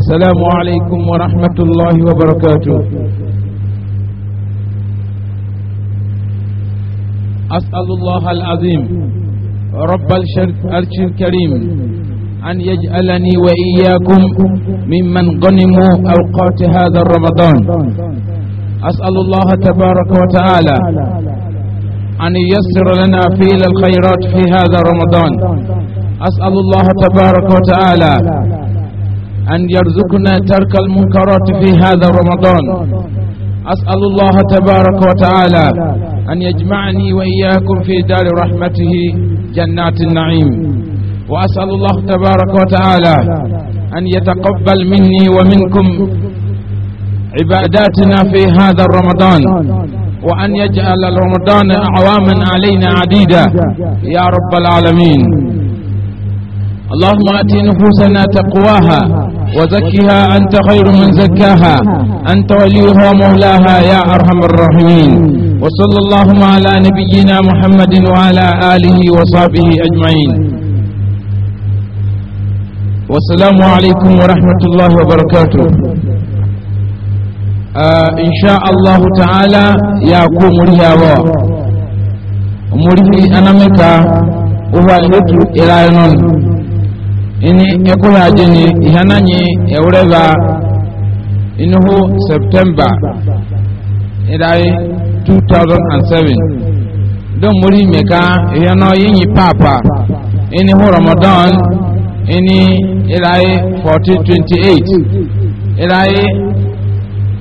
السلام عليكم ورحمة الله وبركاته أسأل الله العظيم رب الشرك الكريم أن يجعلني وإياكم ممن غنموا أوقات هذا الرمضان أسأل الله تبارك وتعالى أن ييسر لنا فيل الخيرات في هذا رمضان أسأل الله تبارك وتعالى أن يرزقنا ترك المنكرات في هذا رمضان أسأل الله تبارك وتعالى أن يجمعني وإياكم في دار رحمته جنات النعيم وأسأل الله تبارك وتعالى أن يتقبل مني ومنكم عباداتنا في هذا الرمضان وأن يجعل رمضان أعواما علينا عديدة يا رب العالمين اللهم آت نفوسنا تقواها وزكها أنت خير من زكاها أنت وليها ومولاها يا أرحم الراحمين وصلى اللهم على نبينا محمد وعلى آله وصحبه أجمعين والسلام عليكم ورحمة الله وبركاته آه إن شاء الله تعالى يقوم الهواء أمره أنا مكا وهو الهجر إلى ينون ini ekura ajini ihananyi eureva inuhu september idai 2007 don muri meka ihano yinyi papa ini hu ramadan ini idai 1428 idai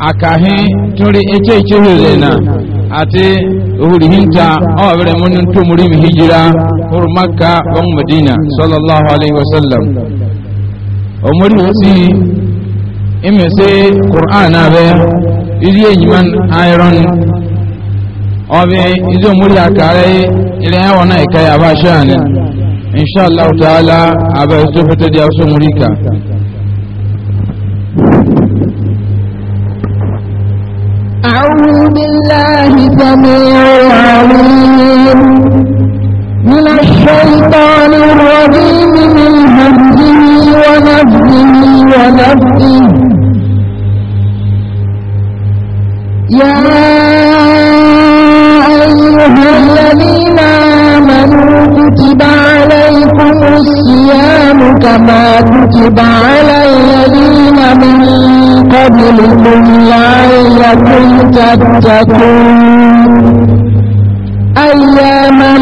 akahi turi eche eche ichihurena ati ohuri hinta ọbẹrẹ mọnu tó múrí mi hijira oru maka wọn medina sallallahu alaihi wa sallam omori wosi imese qur'an abẹ iri enyiman iron ọbẹ izi omori akara ilẹ ẹwọn náà ẹka yaba ṣe àná inshallah ta'ala abẹ tó di asomori kan. أعوذ بالله سميع العليم من الشيطان الرجيم من همزه ونفسه ونفسه يا أيها الذين آمنوا كتب عليكم الصيام كما كتب على الذين قبلكم لعلكم تتقون أياما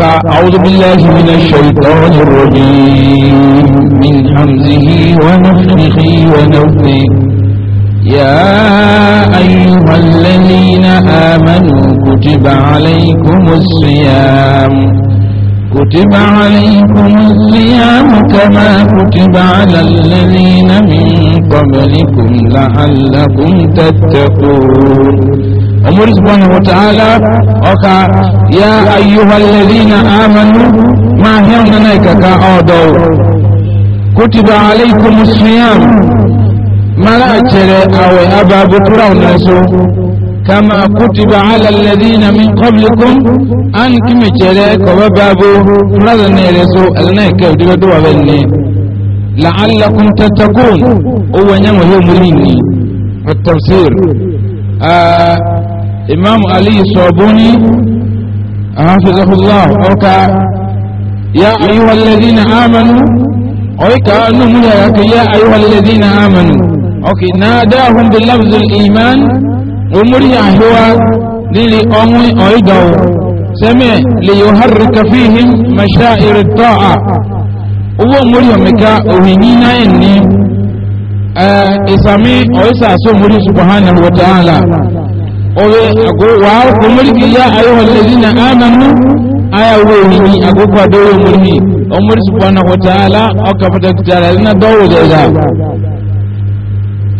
ربك أعوذ بالله من الشيطان الرجيم من حمزه ونفخه ونفخه يا أيها الذين آمنوا كتب عليكم الصيام كتب عليكم الصيام كما كتب على الذين من قبلكم لعلكم تتقون ومر سبحانه وتعالى وكا يا أيها الذين آمنوا ما هيونا نيكا كأودو كتب عليكم الصيام ما لا أجل أو أبا بكرة الناسو كما كتب على الذين من قبلكم أن كم جلك وبابو فرد نيرسو ألنيك ودودوا بني لعلكم تتقون هو نمو يوم التفسير آه imam ali sobuni hafizahullah ọka ya ayyuhal ladina amanu oika nu muda yake ya ayyuhal ladina amanu ok nadahum bil lafzul iman umuri ahwa lili onwi oidaw seme li yuharrika fihim mashaa'ir at-ta'a uwo muri omeka ohinina enni eh isami oisa so muri subhanahu wa ta'ala ọ̀rẹ́ wà á kò mọ́ríkì yá ayọ́wọ̀ lẹ́rí na ánàmú ayàwó òmìnì àkókò àdówó mọ́ríkì ọmọdé sùpánà wọ̀tàálá ọkà pàtàkì tààrà ní dọ́wọ̀ lẹ́ra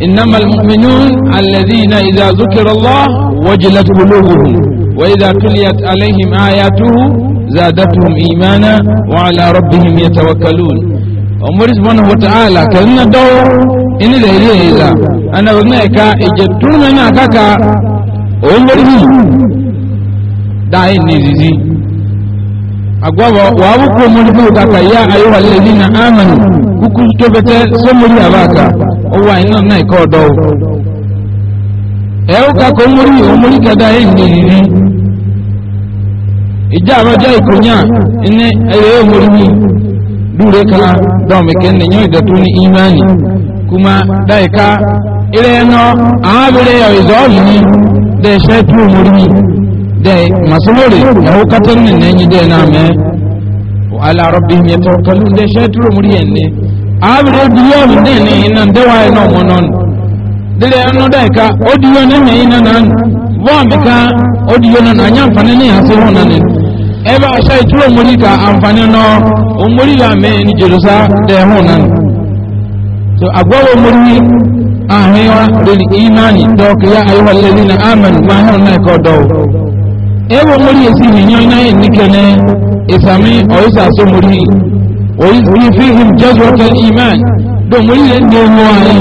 إنما المؤمنون الذين إذا ذكر الله وجلت قلوبهم وإذا تليت عليهم آياته زادتهم إيمانا وعلى ربهم يتوكلون أمر سبحانه وتعالى كلنا دور إن ذهريه إذا أنا بنيك إجتون منك onyehi agwabo wa buku kaka ya ayuha alladhina amanu kuku tobete abaka na ikodo ẹ̀rùkà kò múrí òmúrí kẹta èyí nìyí ìjà àbájá kala dọ̀mìkẹ́ nìyàn imani kuma de shaitu muri de masulori na hukatun ne ne de na me ala rabbihim yatawakkalun de shaitu muri e ne abre biya ne ne ina de wa ina e monon dire anu de ka odiyo ne me ina nan wa me ka odiyo na anya mfane ne hase hona ne ebe a shaitu muri ka amfane no umuri ya me ni jerusa de hona so agwawo muri ahewa lórí imani dọ́ọ̀kì yá ayọ́wà lẹ́lẹ́ na amẹ́nu máa hẹ́rùn ndị kọ́ dọ́ọ̀ ẹwọ mórí èsì ìyàn náà nìkẹ́nẹ́ ìsàmì ọ̀yísà sọ mórí òyìnbí fíhìm jẹ́jọ́kẹ́ iman dòmórí ní ewu ayé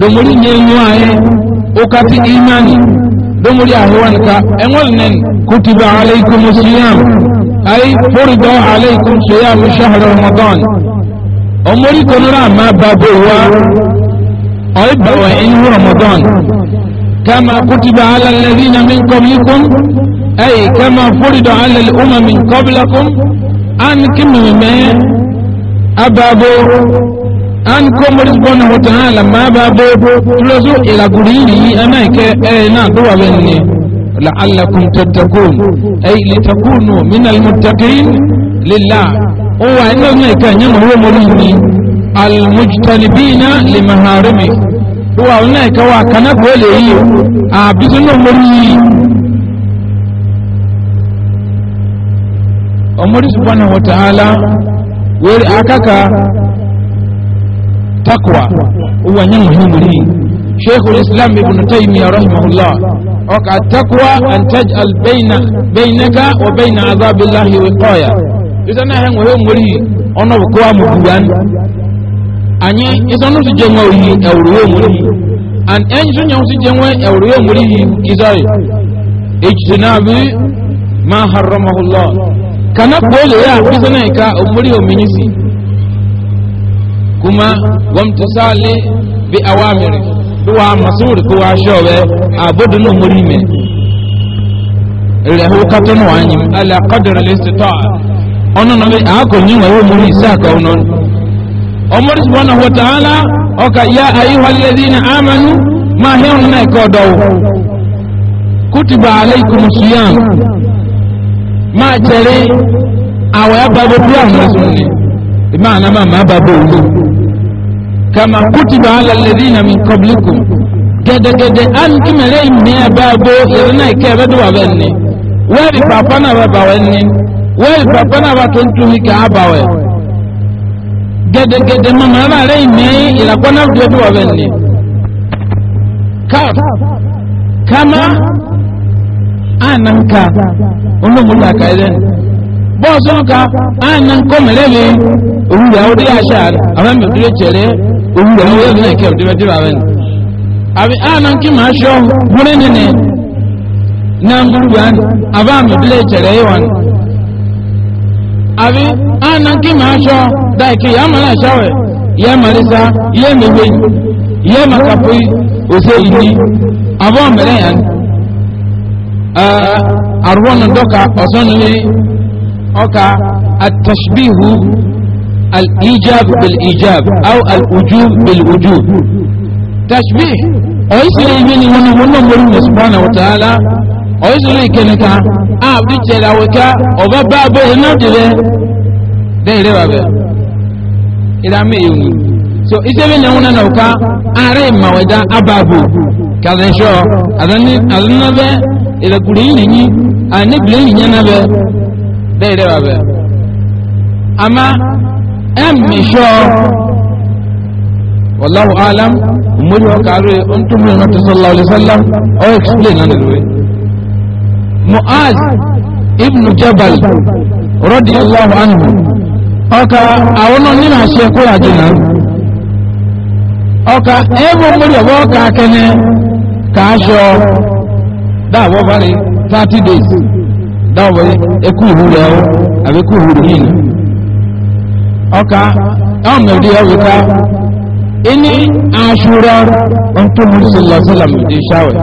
dòmórí ní ewu ayé ókàtí ọ̀ẹ́gbà wà inú ramadan kama kutiba ala alladhina min qablikum ay kama furida ala al-umam min qablakum an kimime ababo an komori subhanahu wa ta'ala ma babo tulozu ila guriri anaike eh na duwa benne la'allakum tattaqun ay litakunu min al-muttaqin lillah o wa inna ka nyama huwa mulini almujitanibina limaharimi wọ́n àwọn náà kẹwàá kanáfẹ́ lè yí àbísínú mórí yìí ọmọdé sùpọ̀nà wọ̀tàhálà wẹ́rẹ́ akáka takwa wọ́n yẹn wọ́n mórí yìí sheikh islam ibn taymiyyah rahimahullah ọkà takwa an taj al bayna baynaka wa bayna azabillahi wiqaya ìtàn náà yẹn wọ́n mórí yìí ọ̀nà òkú àmọ̀ anyị ịzọnụ si jenwe oyi ewuruwe omuri yi and enyi nyanwụ si jenwe ewuruwe omuri yi ịzọrị ejide na-abụ ma haramahullah kana kwole ya bisa na ka omuri ominyisi kuma wamtasali bi awamiri duwa masuri kuwa showe abudu no muri me rehu katon wanyim ala qadra al istita'a onono me akonyi wa omuri ise ka onono ọmọdé subhanahu wa ta'ala ọkà ya ayíwa lẹ́dínà amanu ma hẹ́rùn náà ẹ̀kọ́ ọ̀dọ́wọ́ kútùbà aleikum suyam máa jẹrẹ àwọn agbábọ̀ bí àwọn ẹ̀sùn ni ìmá àná máa máa bá bọ̀ òun kàmá kútùbà alẹ́dínà mi kọ́blíkùn gẹ́gẹ́gẹ́gẹ́ alùpùpẹ̀lẹ́ ìmì àbábọ̀ ìrìn náà ìkẹ́ ẹ̀rẹ́dùwà bẹ́ẹ̀ ni wẹ́ẹ̀rì pàpánà bàbà wẹ́ẹ̀ ni wẹ́ẹ̀rì pàpánà bàtó ń tún ní kẹ́ gẹ́gẹ́gẹ́dẹ́ mọ́mọ́ ẹ̀rọ rẹ̀ ní ìlàkọ́nà dúdú ọ̀bẹ ni káf kama ànànkà olómùlà kàìlẹ̀ bọ́ọ̀sì ọ̀ka ànànkọ́ mẹ́rẹ́lẹ́ òwúrẹ́ àwọn ọdẹ àṣà àwọn ẹ̀mí òdúró jẹ̀rẹ́ òwúrẹ́ àwọn ọdẹ náà kẹ́ òdúró dúró ọ̀bẹ ni àbí ànànkì máa ṣọ́ múrẹ́ nìní náà ń gbúgbà àbá àmì òdúró jẹ̀rẹ́ yìí wọn àbí àna kí màá sọ dàìkì yà má láṣọ ẹ̀ yẹ màlísà yẹ mèwé yẹ màkàpé òsè ìdí àbọ̀ mẹrẹ yẹn àrùn dọ́ka ọ̀sán ni ọkà àtàṣbíhù الإيجاب بالإيجاب أو الوجوب بالوجوب تشبيه أي سيئين من من من سبحانه وتعالى ọ̀yẹ́sọ̀rọ̀ ìkẹnìkà àbí jẹ̀rẹ̀ àwẹ̀ká ọ̀bá bá abẹ́ iná dìrẹ́ bẹ́ẹ̀ rẹ̀ bàbẹ̀ ìdámẹ́ èyí so iṣẹ́ bí nyẹ́wọ́n náà ọ̀ká ààrẹ ìmàwẹ̀dá abàbò kàdẹ́sọ̀ àdánábẹ́ ìlẹ̀kùnrin yìí nìyí àníbìlẹ̀ yìí yẹn nábẹ́ bẹ́ẹ̀ rẹ̀ bàbẹ̀ àmà ẹ̀mìṣọ́ wàláhù alam mú ní ọkà rẹ̀ ọ̀ntúnmí ọ̀nà tó sọ́lá ọ̀lẹ́sọ́lá ọ̀ explain náà nìlúwẹ̀ẹ́ mu'az ibnu jabal radiyallahu anhu ọka àwọn náà nínú àṣẹ ẹkọ àjìnà ọka ẹbùn múlẹ̀ wọ́n ká kẹ́ni káàṣọ dáàbọ̀ bari thirty days dáàbọ̀ ẹkú ìhù rẹ̀ ọ́ àbí ẹkú ìhù rẹ̀ yìí ọka ẹ̀wọ̀n mẹ́rin ẹ̀ wíká ẹni àṣùrọ̀ ọ̀tún mùsùlùmí ṣàwẹ̀.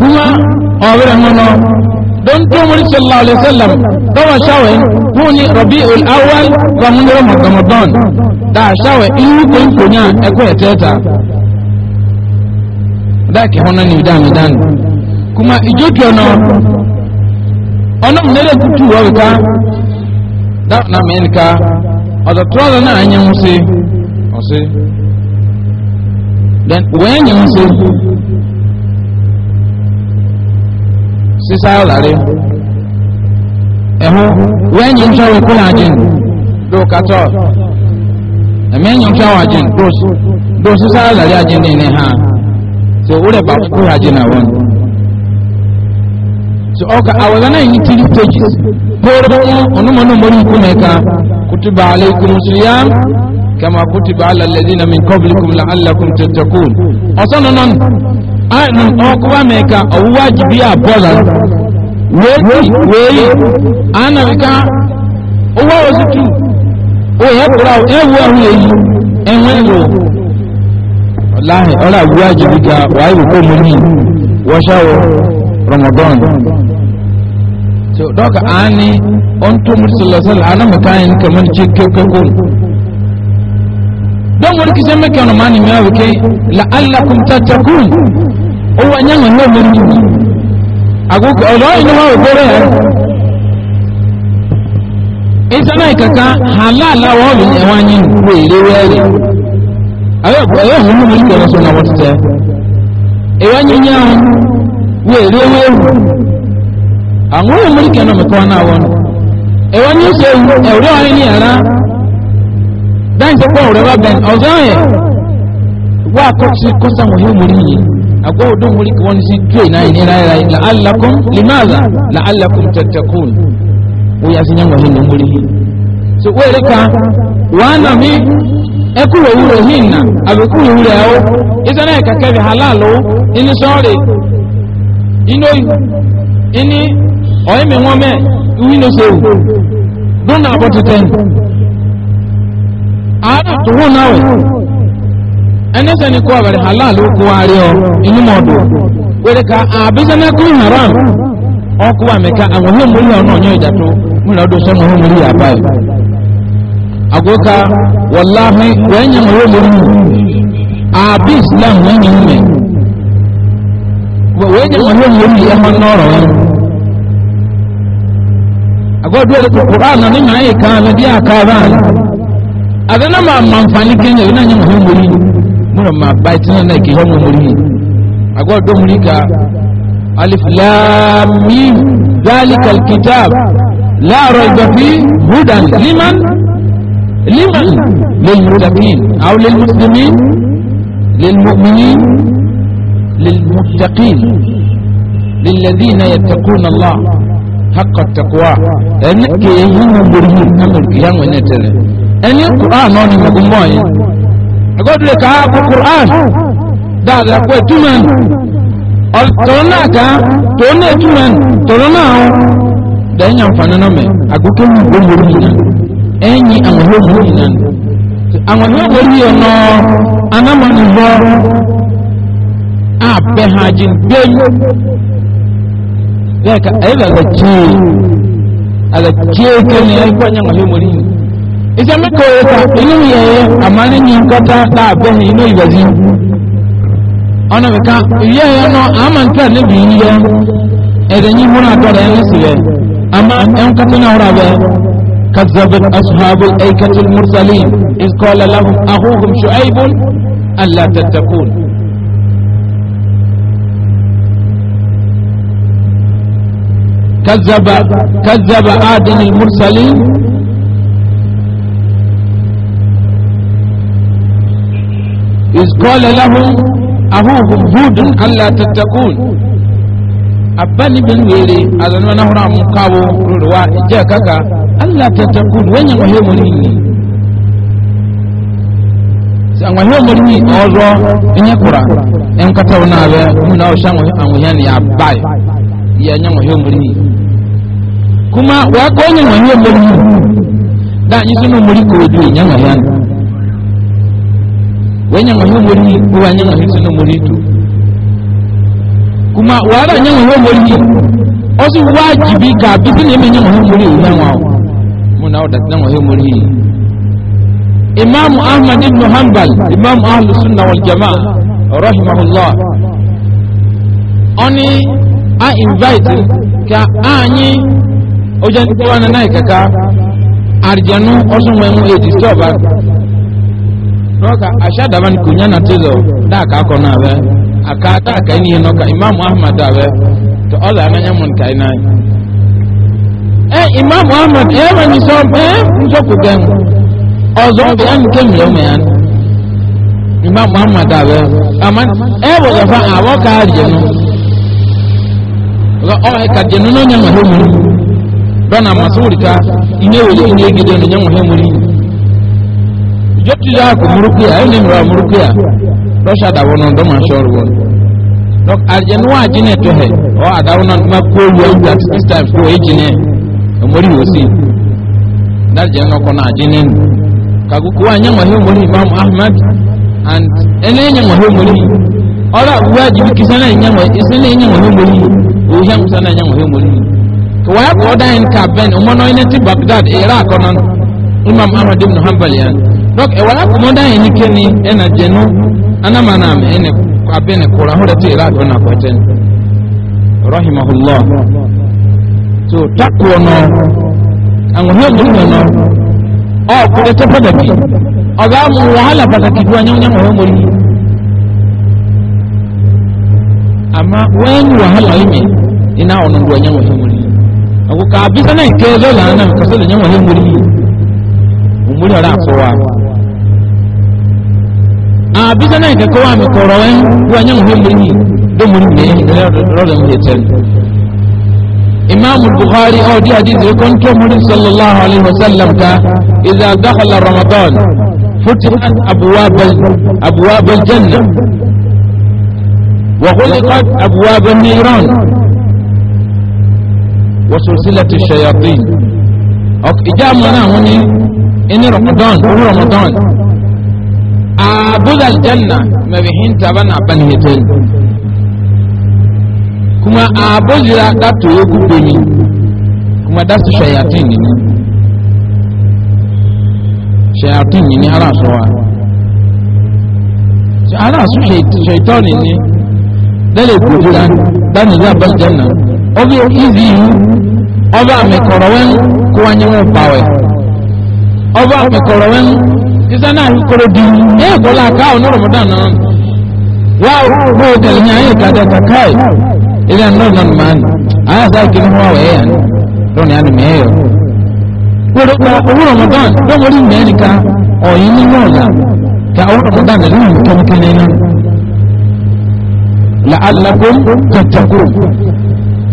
kuma ọ̀rẹ́ wọn don tó mú sallallahu alaihi wasallam tọwọ ṣàwẹ̀ fún ní rọ̀bí ol'awal gbọmúlẹ̀ mọ̀gbọ̀mọ̀gbọ̀n tá a ṣàwẹ̀ inú kò ń kò ní ẹkọ ẹ̀tẹ́ ẹ̀ta dáàkì hàn ní kuma ìjókè ọ̀nà ọ̀nà mìíràn tutù wọ́n wíká dáàkì náà mìíràn ká ọ̀dọ̀ tó náà then wọ́n sisa lare ɛho wɛn yi ntwa wɔ kuna agyen do katɔ ɛmɛ yi ntwa wɔ agyen do do sisa lare agyen ne ne ha so wòle ba kó agyen na wɔn so ɔka awɔla na yi tiri stages poro ɔnuma no mori kuna ka kutuba aleikum siyam kama kutuba ala lɛdina min kɔbilikum la alakum tɛtɛkun ɔsɔn aịnụ ọkụwa mee ka ọwụwa ji biya bọla wee yi anabika ụwa ozitu oye pụrụ ahụ ewu ahụ eyi enwe ewu lahi ọla agwụwa ji biga waa iwu komo ni washawo ramadan so dọka ani ọntụ mụrụ sallasal anamika anyị kamar cikin don wani kisan mekanu mani mewa wike la'allakum tattakun owó anyáhùn ní omi ní àkókò ọ̀dọ́ inú wọn òkú rẹ̀ ìtànà ìkàkà halal àwọn ọ̀lù ẹ̀wọ̀n anyi wọ èrè wẹ́ẹ̀rẹ̀ ẹ̀yọ́ ọ̀hún ní omi ìgbẹ̀rẹ̀ sọ̀nà wọ́n ti tẹ́ ẹ̀wọ̀ anyi ní ahùn wọ èrè wẹ́ẹ̀rẹ̀ àwọn ọ̀hún ní kẹ́nà mẹ́kọ́ náà wọn ẹ̀wọ̀ ní ṣe ẹ̀wọ̀rẹ́ wọn ní yàrá dáìsẹ́pọ̀ ọ̀rẹ́ bá bẹ̀ ọ̀zọ́ yẹn wọ́n àkọ́kọ́ sí kọ́sàmù yóò mú agwa udon wuri ka wani sin tuwe na yin rai rai la'allakum limaza la'allakum tattakun o ya sin yan wahin nan wuri so wai rika wana mi ekuro wuro hinna abekuro wuro yawo ita na ka kebe halalo ini sore ino ini oyi mi wọn mẹ iwi no sewu dun na abotiten ara tuhu nawe ẹnẹsẹ ni kó abẹrẹ halal okun ari ọ inú mọ wẹrẹ ka abisanaku haram ọkọ amẹka àwọn ohun múlẹ ọ̀nà ọ̀nyọ́ ìdàtọ̀ múlẹ ọdọ sọmọ ohun múlẹ yàgbá yìí agoka wàláhi wẹ́n yẹn mọ̀ wọ́n múlẹ àbí islam wọ́n yẹn mọ̀ wọ́n mọ̀ ní yìí kan àkàrà àdánà máa mọ̀ ابن ما بيتنا نك يوم مولي اقول دو مولي الف لام ميم ذلك الكتاب لا ريب فيه هدى لمن لمن للمتقين او للمسلمين للمؤمنين للمتقين للذين يتقون الله حق التقوى انك يهم مريم امر يوم نتلى ان القران نوني مغموين agodule ka qur'an da da ko tuman al tona ka tona tuman tona da yin amfani na mai agogo ni bo mo ni enyi amho mo ni nan àwọn ni bo ri ono anama ni bo a be hajin be leka ayla la ji ala ji ke ni ay ko nyanga mo ni ìṣe mẹ́kọ̀ ẹ̀ka ìlú yẹ̀yẹ àmàlẹ́yìn nkọ́ta láàbẹ̀hìn inú ìbẹ̀zí ọ̀nà mẹ́ka ìyẹ́ ẹ̀yẹ náà àmàntà níbi yíyẹ ẹ̀dẹ̀yìn múra àtọ̀rẹ̀ ẹ̀yẹ sílẹ̀ àmà ẹ̀ńkọ́tà náà rà bẹ́ẹ̀ كذبت أصحاب الأيكة المرسلين إذ قال لهم أخوهم شعيب ألا تتقون كذب كذب عاد المرسلين إذ قال لهم أخوهم هود ألا تتقون abani bin were azan na hura mun kawo ruwa je kaka Allah ta takun wani wahe muni ne san wahe muni ozo in ya kura en ka tauna be mun awo shan wahe an wahe ya bai ya nya wahe muni kuma wa ko ni wahe muni da ni sunu muri ko ju nya wahe wanyama hiyo muri wanyama hiyo no muri tu kuma wala nyama hiyo muri osi wajibika bibi ne menyama hiyo muri ulanwa muna oda nyama hiyo muri Imam Ahmad ibn Hanbal Imam Ahlus Sunnah wal Jamaa rahimahullah oni a invite ka anyi ojan tuwana nai kaka arjanu osun mu e disturb n'ọka ashadaban kunya na tizo da aka akọ na abẹ aka da aka ihe n'ọka imam ahmad abẹ to ọla ananya mun kai na eh imam ahmad eh ma ni so eh ọzọ ọbụ ya nke mmiri o imam ahmad abẹ eh, ka jenu ka ka jọ́tí yà kò múrúkú yà ẹni mìíràn múrúkú yà lọ́sà dàwọ́ náà dọ́mà sọ̀rọ̀ wọn. àjẹnú wa jìnnà tó hẹ ọ àdáwọ́ náà má kó wọ ewu àti six times kó èjì ní ọmọdé wò sí. dájẹ́ náà kọ́ náà jìnnà nù. kàkókò wa nyẹ́ mọ̀hẹ́ mọ̀hẹ́ imam ahmed and ẹni nyẹ́ mọ̀hẹ́ mọ̀hẹ́ ọ̀rọ̀ àbúrò àjìbí kìsẹ́ náà nyẹ́ mọ̀hẹ́ mọ̀hẹ́ òhìyàn dɔk ɛwala e kumɔda yɛ ni kɛni ɛna jɛnu anama na mɛ ɛnɛ abe ne kura hɔ dɛtɛ yɛlɛ adɔ na rahimahullah so takuɔ nɔ aŋɔhɛ mɔri nɔ ɔ kura tɛ fɛdɛ bi ɔga mu wahala pataki do anyamanya ama wahala yi ina ɔnɔ do anyamanya na òmúlẹ̀ ọ̀rá àpò wa àbísẹ́ náà kẹ́kọ́ wa mi kọ̀rọ̀ ẹ́ wọ́n yẹn wọ́n lé ní dómìnì mi ìrẹ́ rọ́ọ̀dọ̀ mi yẹtẹ́ imaamu buhari ọdí àdìsí kọ́ńtò múlí sallallahu alayhi wa sallam ká ìdá dákàlà ramadan فتحت أبواب أبواب الجنة وغلقت أبواب النيران وسلسلة الشياطين إجابة هنا ini ramadan wani ramadan a buzal janna mabihinta ba na balhetel kuma a buzira da to ya kuma da shayatin ne shayatin ne ala suwa ara su shaitani ne dale kujira dani za bal janna obi izi ọba ọba akẹkọrọ wọn sísan náà kọrọ di ní ẹkọlá káwọn ní rọmọdán náà wà ó kẹlẹ ní ayé kàdé kàkáì ilé ẹ̀ náà nánú máa ní ayé àti àìkiri wọn wọ̀ ẹ̀yà ní lónìí àná mẹ́yọ̀ wọ́n gba owó rọmọdán lọ́wọ́ orí mẹ́rin ká ọ̀yìn ní wọ́ọ̀dà ká owó rọmọdán lè lóyún kẹ́míkẹ́mí náà la'allakum tattaqun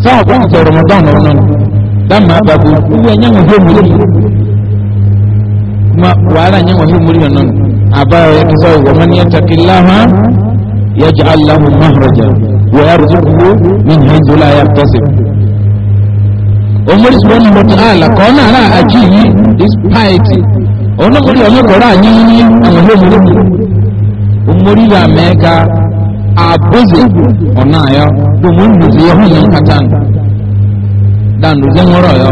sáà bọ́n sọ rọmọdán náà náà dáàmú àbàbò owó ẹ̀yẹ́ wọn fẹ́ mi lónìí kuma wala nyen wahi muri non abaya ya kisa wa man yattaqillaha yaj'al lahu mahraja wa yarzuquhu min haythu la yahtasib omori subhanahu wa ta'ala ko na ra aji yi is piety ono muri ono ko ra nyen ni awon lo muri omori ya meka abuze ona ya do mun buze ho nyen katan dan do zen woro yo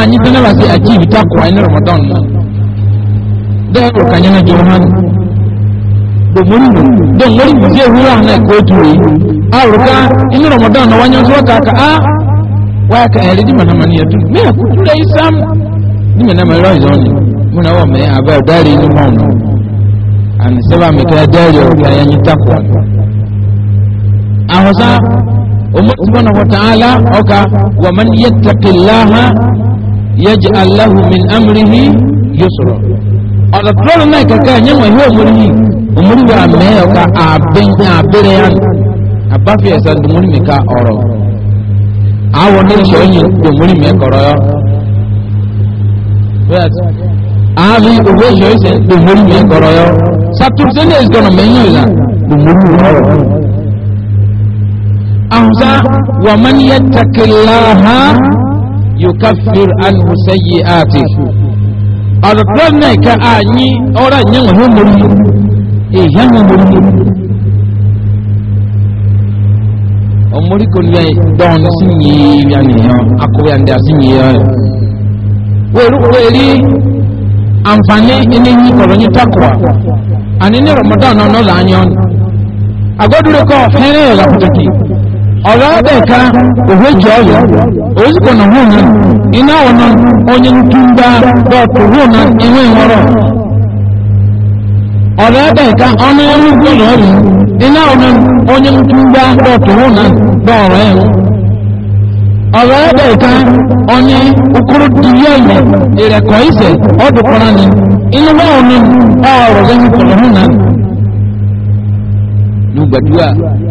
anyi fɛnɛ ba se achieve takwa ɛne ramadan na dɛ o ka nyɛnɛ jɔ hɔn domori mu domori mu se wura hana ko tuwe a ah, ruka ɛne ramadan na wanyɛ so ka ka a ah, waya ka ɛri eh, di mana mani yadu mɛ ko tura isam ni mɛ na mɛ lɔri zɔni muna wa the a bɛ the ni mɔn no ani sɛba mi ka dari o ka yanyi takwa ahosa o mɔ wa ta'ala o wa man yattaqillaha yaj'al lahu min amrihi yusra ọ̀dọ̀ tọ́lọ̀ náà kẹ̀kẹ́ ẹ̀yẹ́ wọ̀nyí òmùrí yìí òmùrí wà mẹ́ẹ̀ ọ̀ka àbẹ̀yìn àbẹ̀rẹ̀ yá àbáfi ẹ̀sẹ̀ dùmúrí mi ká ọ̀rọ̀ àwọ̀ náà ṣe ọ̀yìn dùmúrí mi kọ̀rọ̀ yọ. àmì òwe ṣe ọ̀yìn dùmúrí mi kọ̀rọ̀ yọ sàtúnṣe ní ìsìkọ̀nà mẹ́yìn ìlà dùmúrí mi kọ̀rọ̀ yọ. àwùjá wàmániyẹ yukafir anhu sayyi'ati ọ̀rọ̀ tó ní ẹ̀ka ààyí ọ̀rọ̀ ìyẹn wọ̀n mú mú ìyẹn mú mú mú ọmọdé kò ní dọ́ọ̀nù sí yìí yà nìyàn akọ̀wé àndà sí yìí yà rẹ̀ wọ́n rúkọ̀ èrí àǹfààní ilé yìí takwa àní ní ramadan ọ̀rọ̀ abẹ́ẹ̀ka òwe jẹ́ ọ̀yọ́ nà onye ntú ń bá dọ̀tù hùn náà na ìwọ̀rọ̀ ọ̀rọ̀ ọ̀nà ẹ̀rú gbọ́dọ̀ ọ̀rọ̀ iná ọ̀nà onye ntú ń bá dọ̀tù hùn ẹ̀ ọ̀rọ̀ abẹ́ẹ̀ka onye ukuru dìrí ẹ̀yẹ ìrẹ̀kọ̀ ìsẹ̀ ọ̀dùkọ̀rọ̀ ni inú ọ̀rọ̀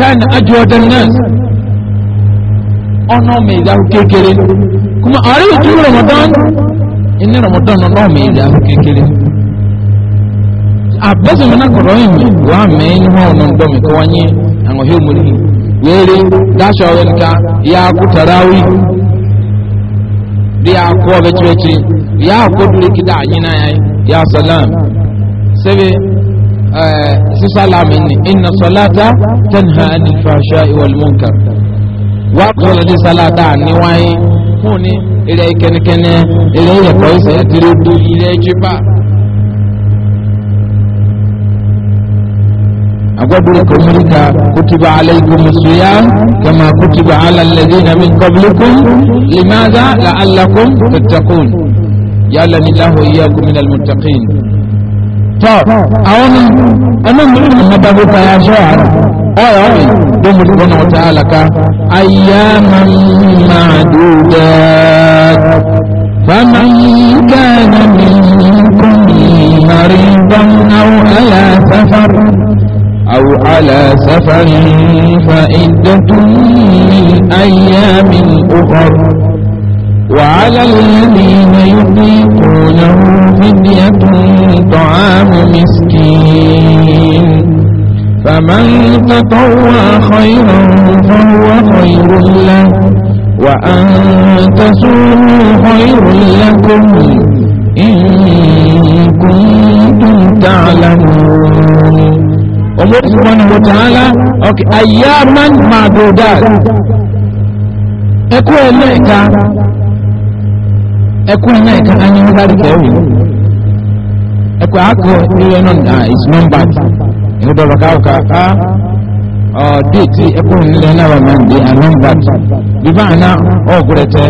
kana ajwada nas ono me da kekere kuma are tu ramadan in ramadan ono me da kekere abazo na koro yin wa me yin ho no ndomi me ko wanye ango he muri yere dasha wenka ya kutarawi bi akwa betweti ya kodure kida ya salam سسالة مني إن الصلاة تنهى عن الفحشاء والمنكر وأقول لي صلاة عني واي هوني إلي كن كن إلي كويس يترد إلي جبا أقول لكم ملكا كتب عليكم الصيام كما كتب على الذين من قبلكم لماذا لعلكم تتقون يا لله إياكم من المتقين tọ́ àwọn ní ẹnu mi ní ọmọdé ta ya ṣọ́ àrà ọ̀rọ̀ ọ̀rọ̀ ló mú ìbọn ọ̀tá àlàká ayé máa dúdẹ́ فمن كان منكم مريضا أو على سفر أو على سفر فعدة من أيام أخر وعلى الذين يطيقونه فدية طعام مسكين فمن تطوى خيرا فهو خير له وأن تصوموا خير لكم إن كنتم تعلمون الله سبحانه وتعالى أياما معدودات أكو إليك ẹkọ ẹnyà ẹka anyi ní báyìí kẹrì ẹkọ akọ nílẹ náà na is numbered ẹkọ dọba káwọká a ọ déètì ẹkọ nílẹ náà wà náà di a numbered bíbá àná ọgùrẹ tẹ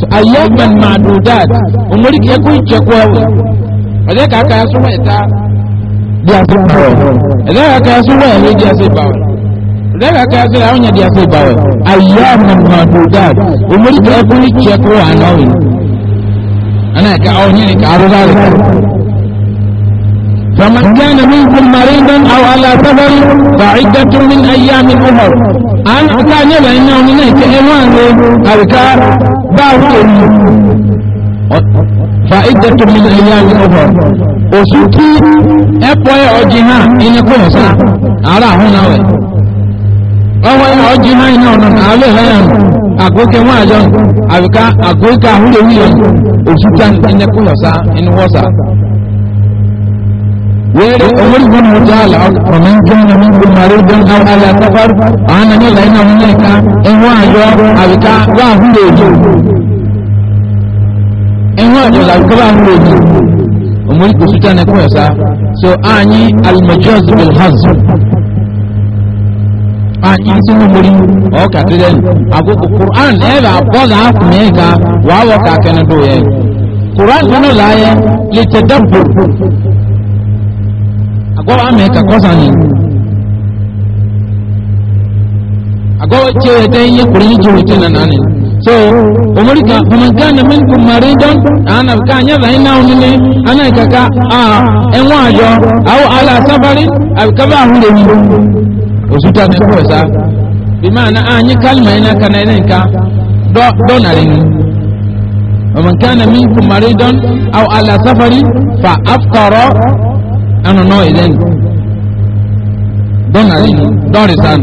so ayé ẹgbẹ máa dùn dad ọmọdé kí ẹkọ ìjẹkọ ẹwọ ọdẹ kàkà ẹsọ wọn ẹta bí a ti bá wọn ẹdẹ kàkà ẹsọ wọn ẹwé di ẹsẹ bá ẹdẹ kàkà ẹsọ wọn ẹwé di ẹsẹ bá ayé ẹgbẹ máa dùn dad ọmọdé kí ẹkọ ìjẹkọ ẹwọ àná أنا كأوني كأبو ذلك فمن كان منكم مريضا أو على سفر فعدة من أيام أخر أنا كان يبقى إنه من إيمان أركا باوكي فعدة من أيام أخر وسوتي أقوى أجيها إن يكون سا أراه هنا وي أقوى أجيها يكون agoke nwaanyọ abika agoke ahụrụ ewu ya ofuta nnekwu yọsa ịnụwọsa were omori bin mutala ومن كان منكم مريضا او على سفر انا نلا ان هناك ان واجو ابيكا واهو يجو ان واجو لا كلام يجو omori kusuta ne ko yasa so anyi al majaz bil hazm isinu muri o ka tilen ago qur'an e ba bola ne ka wa wa ka kana do ye qur'an no la ye li tadabbur ago ame ka kosa ni ago che te ye qur'an ju te na nani so umuri ka faman kana minkum maridan ana ka nya la ina unne ana ka ka a enwa jo au ala sabarin al kama hunde ni osuta ne ko sa bi ma'ana an yi kalma yana kana yana ka donarin ومن كان منكم مريضا او على سفر فافطر انا نوئذن دونالين دونسان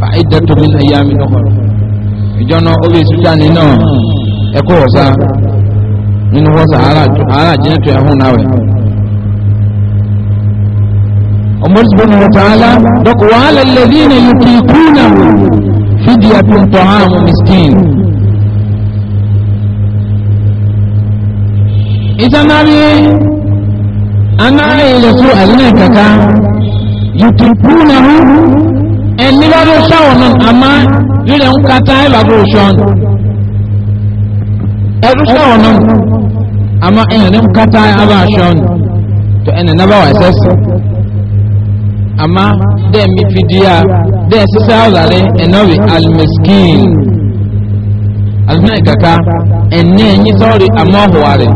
فعدة من ايام اخرى ìjọ́nà orí ìsúta ni náà ẹ̀kọ́ ọ̀sá nínú wọ́sà aláàjẹ́ tó ẹ̀hún náà rẹ̀ ọmọ subhanahu wa ta'ala dọ́kọ̀ wàhálà lẹ́dínà yìí kì í kúnà fídíì àtúntò àmú miskin. ita na bi ana da su alina kaka yutukuna hu ẹni bá ló ṣá ọ̀nà àmá rírẹ̀ ń kata ẹ̀ bá ló ṣọ́ ẹ̀rú ṣá ọ̀nà àmá ẹ̀yàn ń kata ẹ̀ bá ṣọ́ ẹ̀nà náà bá wà ẹ̀sẹ̀ amma den mi fidiya den sisa awzare enobi almiskin azmai kaka enne enyi sori amma huware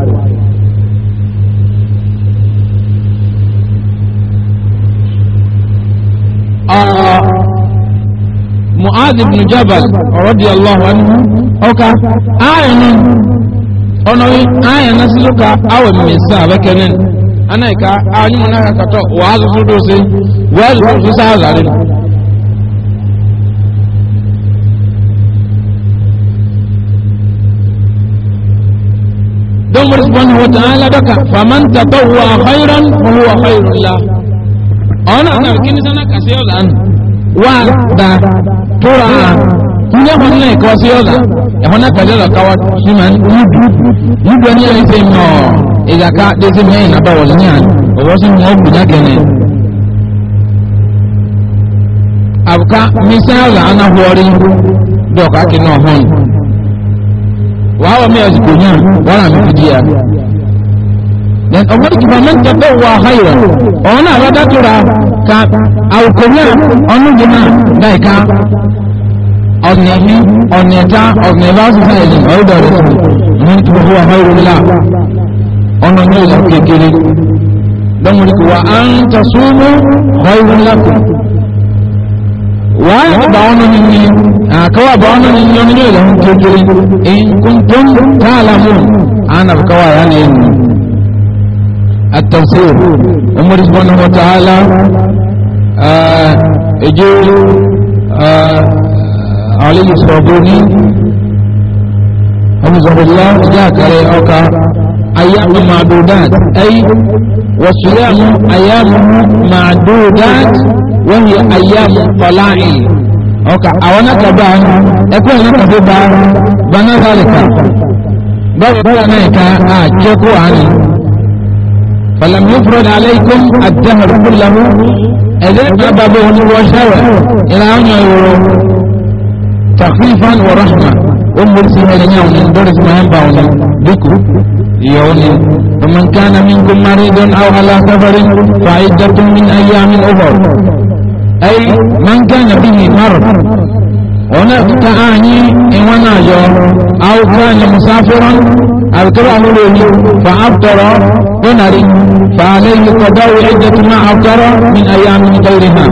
mu'adh ibn jabal Allah anhu oka ayanu onowi ayanu siluka awe mesa bekenen ana ka anyuma na ka kato wazu su dose wazu su sa zare don mu subhanahu wa ta'ala daka faman tatawwa khairan fa huwa khairul la ona na kini sana kaseo lan wa da tura Nyɛ hɔn lɛ kɔsi ɔla ɛhɔn akadze la kawa suman nudu nudu ɛni yɛ ɛsɛ nɔ ɛdaka ɛsɛ mɛ ɛna ba wɔlɛ nyaa ɔwɔ si mɔ ɔbu nya kɛnɛ. Abuka misan la ana hɔri dɔ ka ke nɔ hɔn. Wàá wà mí ɛsɛ kò nyaa wàá nà mí fìdí ya. Then ɔmɔdi kìfà mɛ ntɛ bɛ wà ha yɛ ɔn na abadatura ka awokowia ọ̀nà ní ọ̀nà ẹ̀dá ọ̀nà ẹ̀bá sísá ẹ̀yìn ọ̀rọ̀dọ̀ rẹ̀ sí ní gbogbo àmọ́rìnlá ọ̀nà ní ìlà kékeré lọ́mọdékù wà á ń tasúmú ọ̀rọ̀lá kù wà á bá ọ̀nà nínú àkọwà bá ọ̀nà nínú ọ̀nà ní ìlà kékeré nǹkan tó ń tààlàmù ànàbùkọwà yà ní ẹnu التفسير عمر سبحانه وتعالى آه اجي عليه الصابوني حفظه الله جاك علي أوكا أيام معدودات أي والصيام أيامه معدودات وهي أيام طلائع أوكا أولا كبان أكون لك ببان بنا ذلك بل أناك أجكوا عنه فلم يفرض عليكم الدهر كله إذا كبابه الوشاوة إلى أن يورو تخفيفا ورحمة أمور سيها لنيون درس ما ينبعون ذكر يوم ومن كان منكم مريض أو على سفر فعدة من أيام أخر أي من كان فيه مرض هناك تأني إن وناجو أو كان مسافرا القرآن الأولي فأبطر ونري فعليه قضاء عدة ما أبطر من أيام غيرها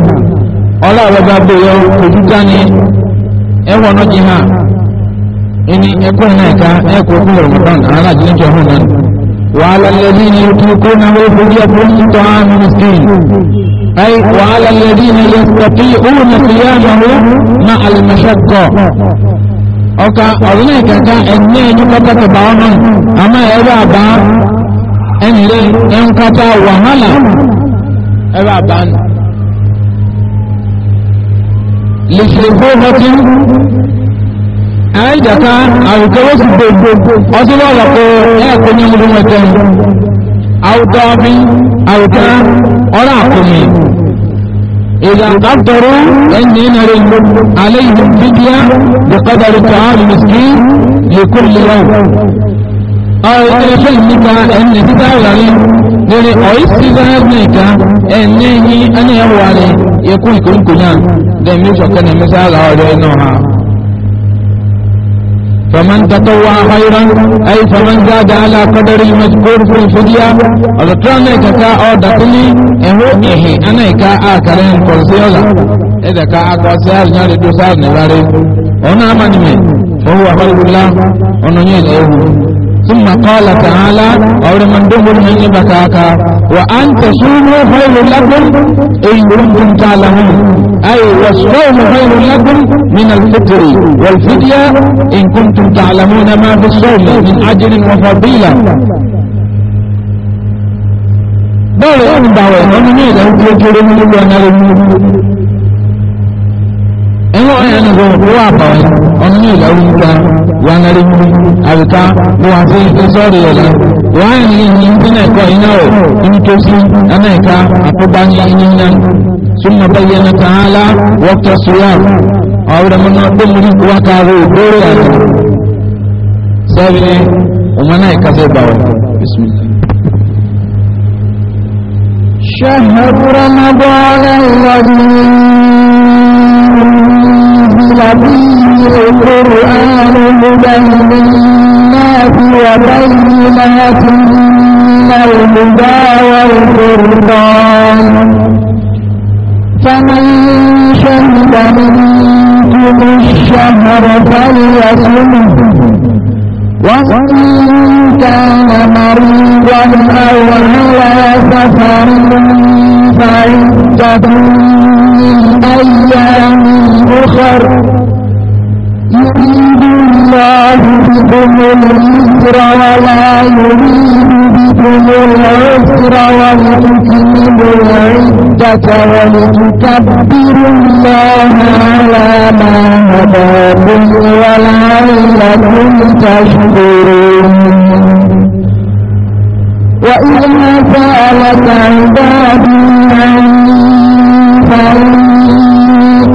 ọlọ́ọ̀lọ́gbà gbé yọ ojú dání ẹwọ náà jí hàn ẹni ẹkọ náà ká ẹkọ kú ramadan ara jí níjọ hàn náà wàhálà lẹ́dí ni yóò tún kó náà wọ́n fojú ẹkọ ní tọ́ àmì miskin ay wàhálà lẹ́dí ni yóò tọ́tí òun náà fi yá àmàwó na ọkà ọ̀rọ̀ náà kẹta ẹni pátákì bá náà àmà ẹ̀rọ àbá ẹnìlẹ́ ẹnkátá wàhálà ẹ̀rọ àbá náà lèṣèlèfóhọ́tí ẹ̀rẹ́ ìjàká àrùkẹ́wọ́ sí gbogbo ọdún lọ́wọ́ pé ẹ̀kọ́ ní ọdún mẹ́tẹ́ àwùjọ ọbí àrùkẹ́ ọ̀rọ̀ àkùnmí إذا قدروا أنين عليهم فدية بقدر طعام مسكين لكل ọ̀rẹ́fẹ́ nípa ẹni títà ìrọ̀lẹ́ lórí ọ̀ísíza ẹ̀mẹ́ta ẹni ní aníyàwó rẹ̀ yẹkún ìkòǹkò náà lẹ́mí sọ̀kẹ́ ní mẹ́sà àrà ọ̀rẹ́ náà ha فمن تطوع خيرا أي فمن زاد على قدر المذكور في الفدية ولطرنا كتا أو دقلي إهو إيه أنا إكا آكرين كرسيولا إذا كا أكرسيال نالي دوسال نباري أنا أماني فهو خير الله أنا نيل إيه ثم قال تعالى اور من دمر من بكاكا وان تصوموا خير لكم ان كنتم تعلمون اي والصوم خير لكم من الفطر والفدية ان كنتم تعلمون ما في الصوم من اجر وفضيلة دعوة ان دعوة ان نيدا ان من الله ẹni gbọ́ owó àbọ̀wẹ̀ ọ̀nà ní ìlà orí ta wà nàrí mú àbíká bó wà sí ìsọ́rí ọ̀la wọ́n yẹn ní ní ìpínlẹ̀ ẹ̀kọ́ iná ọ̀ ní tó sí ẹ̀nà ẹ̀ka àkóbá ní ẹni iná súnmọ́ bẹ́yẹ ní tààlà wọ́pẹ́ sùúrà ọ̀rẹ́ mọ́nà tó mú ní wà káàró ìgbóró ẹ̀ sẹ́bi ọmọ náà ẹ̀ka sí ìbàwẹ̀ bismillah. شهر رمضان الذي العلي القرآن هدى للناس وبينات من الهدى والفرقان فمن شهد منكم الشهر فليصمه ومن كان مريضا أو على سفر فعدة من أيام أخر يريدكم اليسر ولا يريد بكم العسر ولتكملوا العدة ولتكبروا الله على ما هداكم ولعلكم تشكرون وإذا سألك عبادي عني فإني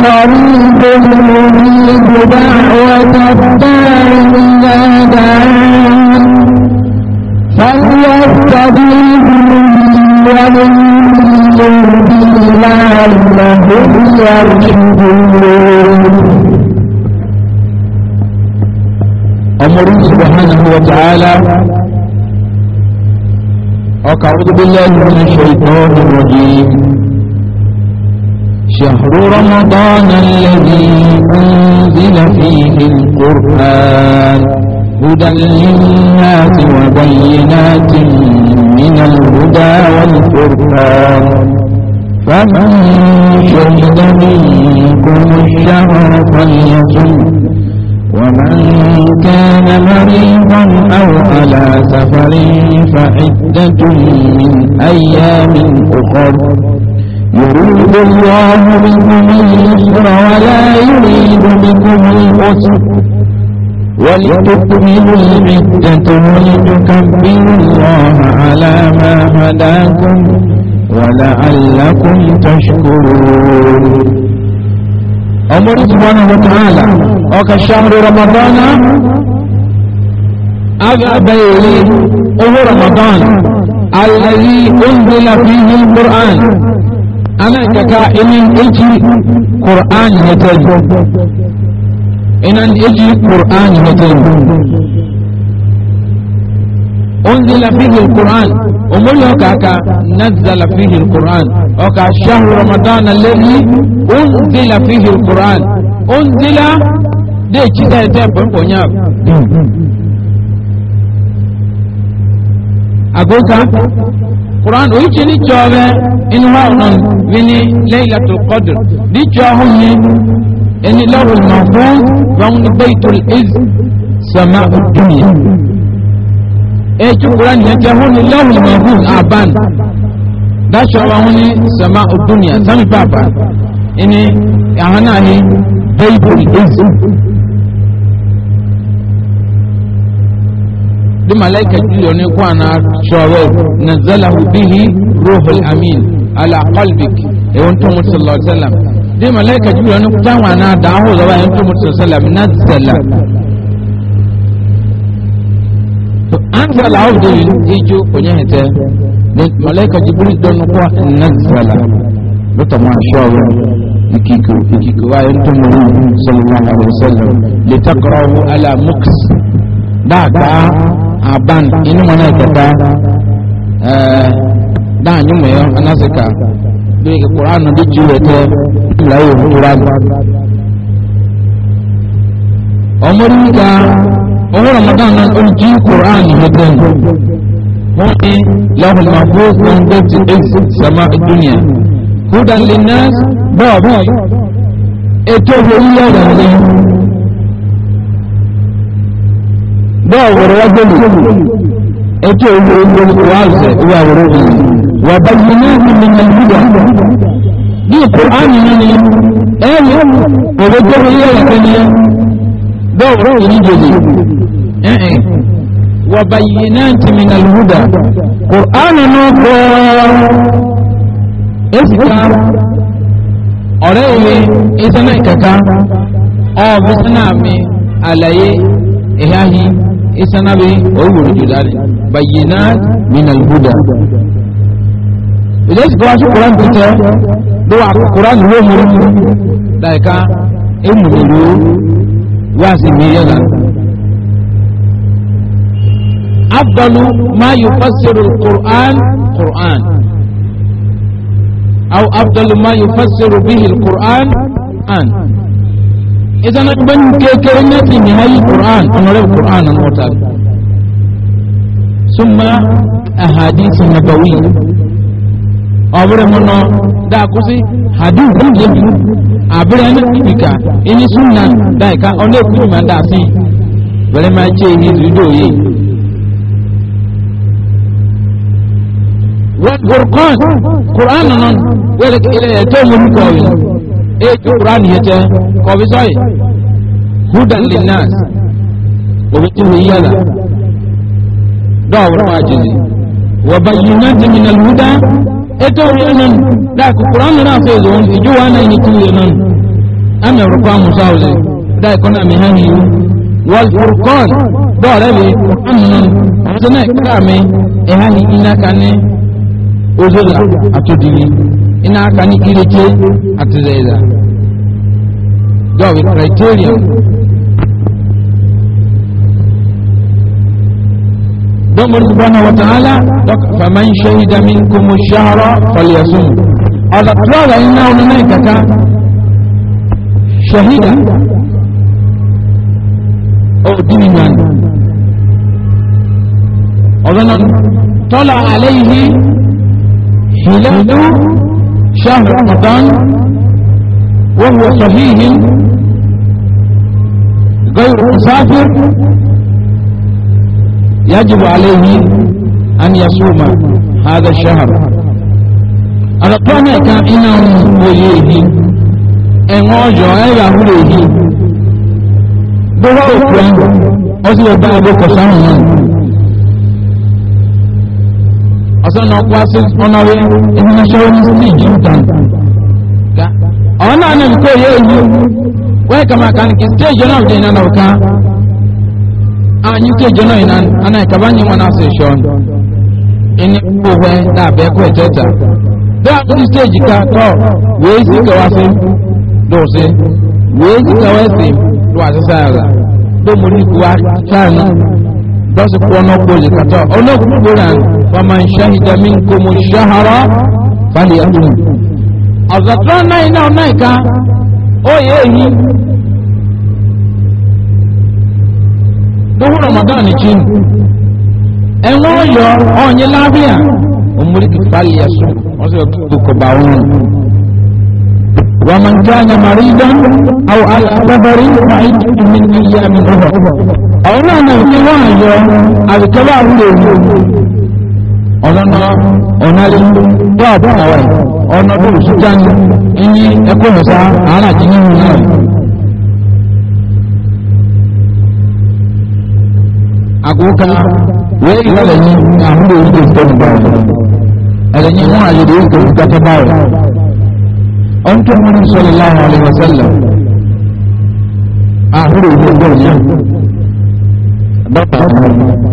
قريب مني دعوة الداع إذا دعان فليستجيبوا وليؤمنوا لعلهم يرشدون أمر سبحانه وتعالى أعوذ بالله من الشيطان الرجيم شهر رمضان الذي أنزل فيه القرآن هدى للناس وبينات من الهدى والقرآن فمن شهد منكم الشهر فليصم ومن كان مريضا أو على سفر فعدة من أيام أخر يريد الله بكم اليسر ولا يريد بكم العسر ولتكملوا العدة ولتكبروا الله على ما هداكم ولعلكم تشكرون أمر سبحانه وتعالى الشهر رمضان أبى بيلي أمر رمضان الذي أنزل فيه القرآن ana kaka inin eji qur'an ne ta yi inan eji qur'an ne ta yi unzila fihi alquran umul kaka nazzala fihi alquran o ka shahru ramadan alladhi unzila fihi alquran unzila de ci da ta ban konya agoka Quran o ti ni jɔ bɛ inu ha ɔnɔn bi ni leila to kɔdur ni jɔ ho ni eni lɔri ma ho wɔn ni bɛyi to iz sama o dunya etu Quran yɛn jɛ ho ni lɔri ma ho aban dasɔ wa ho ni sama o dunya sami paapa eni ahana ni bɛyi to iz. bí malaika jùlọ ní kwana ṣọ̀rọ̀ na zalahu bihi ruhul amin ala qalbik ẹ̀wọ̀n tó mọ̀tò sallallahu alaihi wasallam bí malaika jùlọ ní kwana na dáhù zaba ẹ̀wọ̀n tó mọ̀tò sallallahu alaihi wasallam na zala. to an zala ahu de ijo onye hete ni malaika jùlọ don kwa na zala lọ́tọ̀ máa ṣọ́ọ̀rọ̀ ikiko ikiko wa ẹ̀wọ̀n tó mọ̀tò alaihi wasallam lè takọrọ ala muks dáadáa aban inu mo na kata eh da nyu me anasika ka owo ramadan na o ji qur'an he ten mo ni lahu al-mahfuz min dati sama ad-dunya hudan Bọọbụ eto ya bọ́ọ̀wọ̀rọ̀ wá gbẹ̀lú ẹjọ́ owó owó wáàzẹ̀ wà wọ́rọ̀ wà bá yìí ní ìlú ní nàìjíríà bí i kùránì ní ni ẹ̀rù ọ̀rọ̀ tó rí ẹ̀rẹ̀ kan ní bọ́ọ̀wọ̀rọ̀ yìí jẹ̀lẹ̀ ẹ̀ẹ̀ wà bá yìí náà ọ̀rẹ́ ìwé ìsẹ́nà ìkẹ̀kà ọ̀bísẹ́nà mi àlàyé ìyáhìí isanabi owurri julani bayyana min alhuda ilé ìsìnkú aṣọ kuran títẹ ló wà kuran ló mú láìka emùnìlú wá sí mi yẹlá afdalu ma yufassiru alquran quran aw afdalu ma yufassiru bihi alquran an إذا نبن كلمة نهاية القرآن أنا رأي القرآن أنا وتعالى ثم أحاديث نبوية أولا منا دا كوسي حديث من جميع أبدا أنا كيكا إني سنة دا كا أنا كل ما داسي ولا ما شيء والقرآن قرآن نن ولك إلى يوم القيامة eju quran yete ko bi soy hudan lin nas o bi tu yala do wa majini wa bayyinatan min al huda eto yenan da ku quran na so zo on ju wa nan yitu yenan amna rukwa musawle da ko na mi hani wal furqan do rabi amnan sana kame ehani inakane ozola atodili ina aka ni kireke though with criteria دمر سبحانه وتعالى فمن شهد منكم الشهر فليصوم هذا قال إنه لنيكك شهيدا أو دينيا أظن طلع عليه هلال شهر رمضان وهو صحيح غير مسافر يجب عليه أن يصوم هذا الشهر أرقانا كائنا ويهي ẹ̀wọ̀njọ́ ẹ̀yà húrò yìí gbogbo òkú ẹ̀ ó sì lè bá agbókọ̀ sáwọn náà ọ̀sán náà wá sí ọ̀nà rẹ̀ international ministry jordan ana mi kóye eyi wọ́n kà máa kàn kí stéèjì náà dé nínú ọ̀ka àyìn stéèjì náà iná ana ìkàbá yín wọn náà sì sọ ẹni owó ẹ dàbẹ kó ẹjẹ ta bẹ́ẹ̀ àkókò stéèjì ká tọ́ wèé sí kẹwàá sí dọ̀ọ̀sẹ̀ wèé sí kẹwàá sí lọ́wọ́ àti sáyà domoni kuwa kyanu dɔsi kuwa na kpoli katɔ ɔno kukuran wama nshahida minkum shahara fali yakum ọ̀zọ̀tọ́ náà náà náà ká ó yẹ ramadan kí ni ẹ̀wọ̀n ọ̀yọ́ ya su wọ́n ومن كان مريضا او على سفر فعدة من ايام اخرى. او لا نغفر الله اذكر ọlọ́nà ọ̀nàlẹ́ tó àbúrò rẹ̀ ọ̀nà tó òṣìṣẹ́ ní ẹni ẹkọ́ ìrọ̀sá aláàjì nínú náà àkókò wẹ́ẹ́ ìrọ̀lẹ́ ní àmúlò orí tó tẹ́lẹ̀ báyìí ẹ̀rẹ̀ ní wọ́n àyèdè orí tó tẹ́lẹ̀ báyìí ọ̀n tó mú sọ́lẹ̀ láwọn àlẹ́ wọ́sẹ̀lẹ̀ àmúlò orí tó tẹ́lẹ̀ báyìí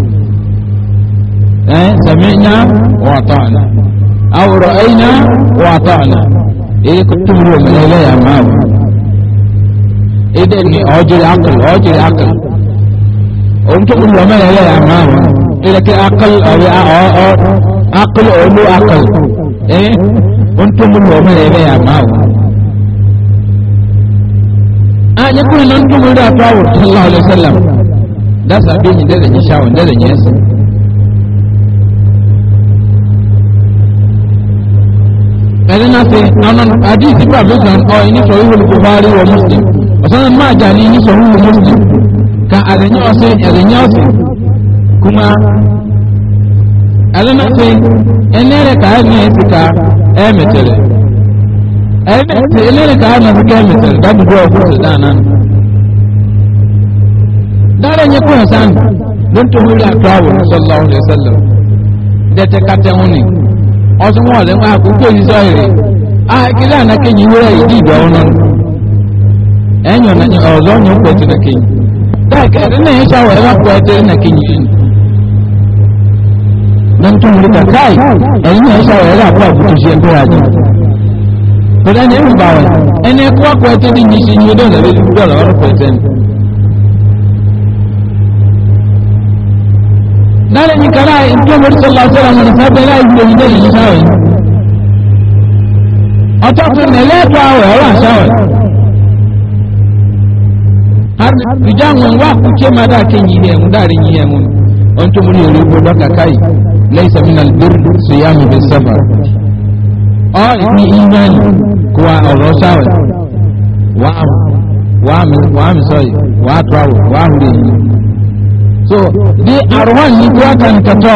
sẹ̀míyà wà tọ́nà àwòrán ẹ̀yìnà wà tọ́nà èyí kò tún rò mí lẹ́yà máa wù. Ede ni ọjiri akal ọjiri akal ohun tó kúrò mẹ́rin ẹlẹ́yà máa wù. Ede kí akal ọ̀rẹ́ akal olú akal ẹ̀ ohun tó kúrò mẹ́rin ẹlẹ́yà máa wù. Anyakuri nan tumuri da tawo sallallahu alaihi wasallam da sabi ni da da ni ẹ̀rẹ́ náà ṣe ọ̀nà àdìsí pàbíkan ọ ìníṣọ̀ ìwòlù kò bá rí wọ muslim ọ̀sán máa jà ní ìníṣọ̀ ìwòlù muslim ka àrẹ̀yẹ́ ọ̀sẹ̀ ẹ̀rẹ̀yẹ́ ọ̀sẹ̀ kuma ẹ̀rẹ́ náà ṣe ẹnẹ́rẹ̀ ká ẹ̀rẹ́ náà ṣe ká ẹ̀mẹ̀tẹ̀rẹ̀ ẹnẹ́rẹ̀ ká ẹ̀rẹ́ náà ṣe ká ẹ̀mẹ̀tẹ̀rẹ̀ dábùbọ̀ ọ̀fọ̀sẹ̀ dáná dára wọn ni ọsùn wọn lẹ́wọ́n àkókò ìsọ èrè akílẹ̀ ànákẹ́yìn wúrẹ́ ìdí ìgbà ọ̀nà ẹ̀yàn ọ̀zọ́ ọ̀nyọ́ pẹ̀tù nàkẹ́yìn dákẹ́rẹ́ náà yẹn ṣàwọ̀ ẹ̀rọ pọ̀ ẹ̀tẹ́rẹ́ nàkẹ́yìn yìí lọ́ntọ́ mi lùkà káì ẹ̀yìn náà yẹn ṣàwọ̀ ẹ̀rọ pọ̀ àbùkù ṣe ẹ̀kọ́ àjọ pẹ̀lú ẹni ẹ̀rù bàwẹ̀ ẹni ẹ̀kọ́ pọ̀ ẹ̀tẹ́rẹ́ ní dala ah, ah, ni kala nke mo sallallahu alaihi wasallam na sabela ibo ni dali sawe ọtọ fún mi lẹ́ẹ̀kọ́ àwọ̀ ẹ̀rọ àṣàwọ̀ ìjà àwọn ìwà àkùkẹ́ máa dá kéyìn ilé ẹ̀mú dáre yín ẹ̀mú ohun tó mú ní orí ibo lọ́kà káyì lẹ́yìn sẹ́mínà lórí sèyámi bẹ sẹ́fà ọ ìpín ìyáni kó wa ọ̀rọ̀ sáwẹ̀ wàá mi sọ̀yì wàá tó àwọ̀ wàá hùrẹ̀ yìí so di arwan ni tuwa kan kato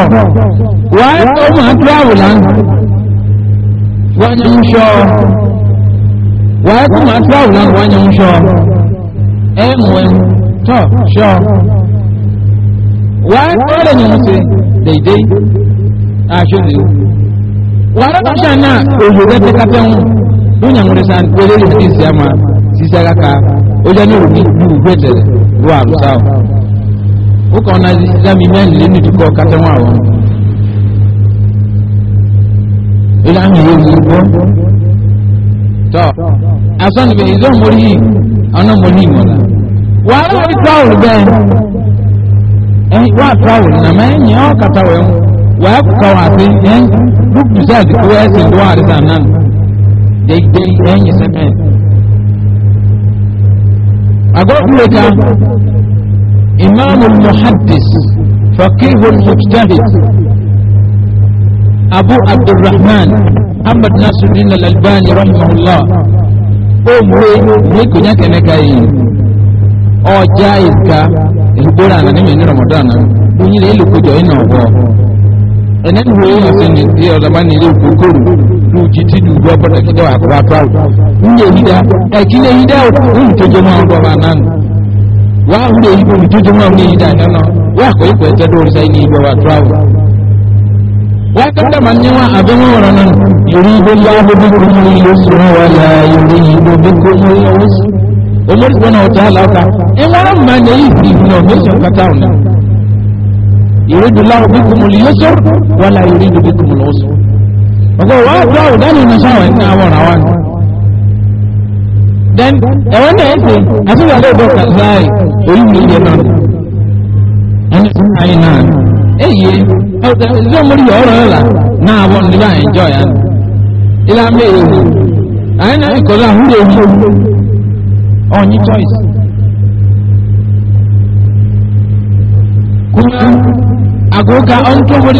wa ya tsohon ma tuwa wulan wani nsho wa ya tsohon ma tuwa wulan wani nsho enwe to sho wa ya tsohon da ni mutu daidai a shi zai wa ya tsohon na ojoga ta katon dunya murisan wele da hadisi ya ma sisa kaka ojo ni rubi rubi kwetele ruwa musawa uko na zami men lini tuko kata wao ila ami yezi ko to asan be izo mori ana mori ngola wala bi travel be eh wa travel na men yo kata we wa ku ka wa bi en duk bisa di ko ese do ari sanan dei dei en yeseme ago ku leta إمام المحدث فقيه المجتهد أبو عبد الرحمن محمد ناصر الدين الألباني رحمه الله أمري ميكو نكا نكاي أو جائز كا يقول أنا نمي رمضان بني لي لو كجو إنه هو أنا نقول إنه سني دي رمضان لي كوكورو lu jiti du gwa bata kidawa kwa kwa kwa nje hida lakini hida huu mtejo wahule ulitutuma uliidanano wako iko etadori saini ibwa watwawe wakata manyewa abemoranan yuridu llahu bikum lyusra wala yuridu bikum lyusra omori subhana wataala aka enwara mmane isi no mesha katauna yuridu llahu bikum lyusra wala yuridu bikum lusra wako watwawe dani nasawa ina aworawana then ẹ̀wọ̀n náà ẹ̀ sè àtúnyà lè bọ̀ kàláì olúmi yẹ náà ẹni fún ayé náà èyí ẹ̀sọ́ mo yọ ọ̀rọ̀ ẹ̀la náà wọ́n ní bá ya ilé amẹ́ èyí ayé náà ìkọlá àhúrò èyí ọ̀nyí choice. kuma agoga an tumuri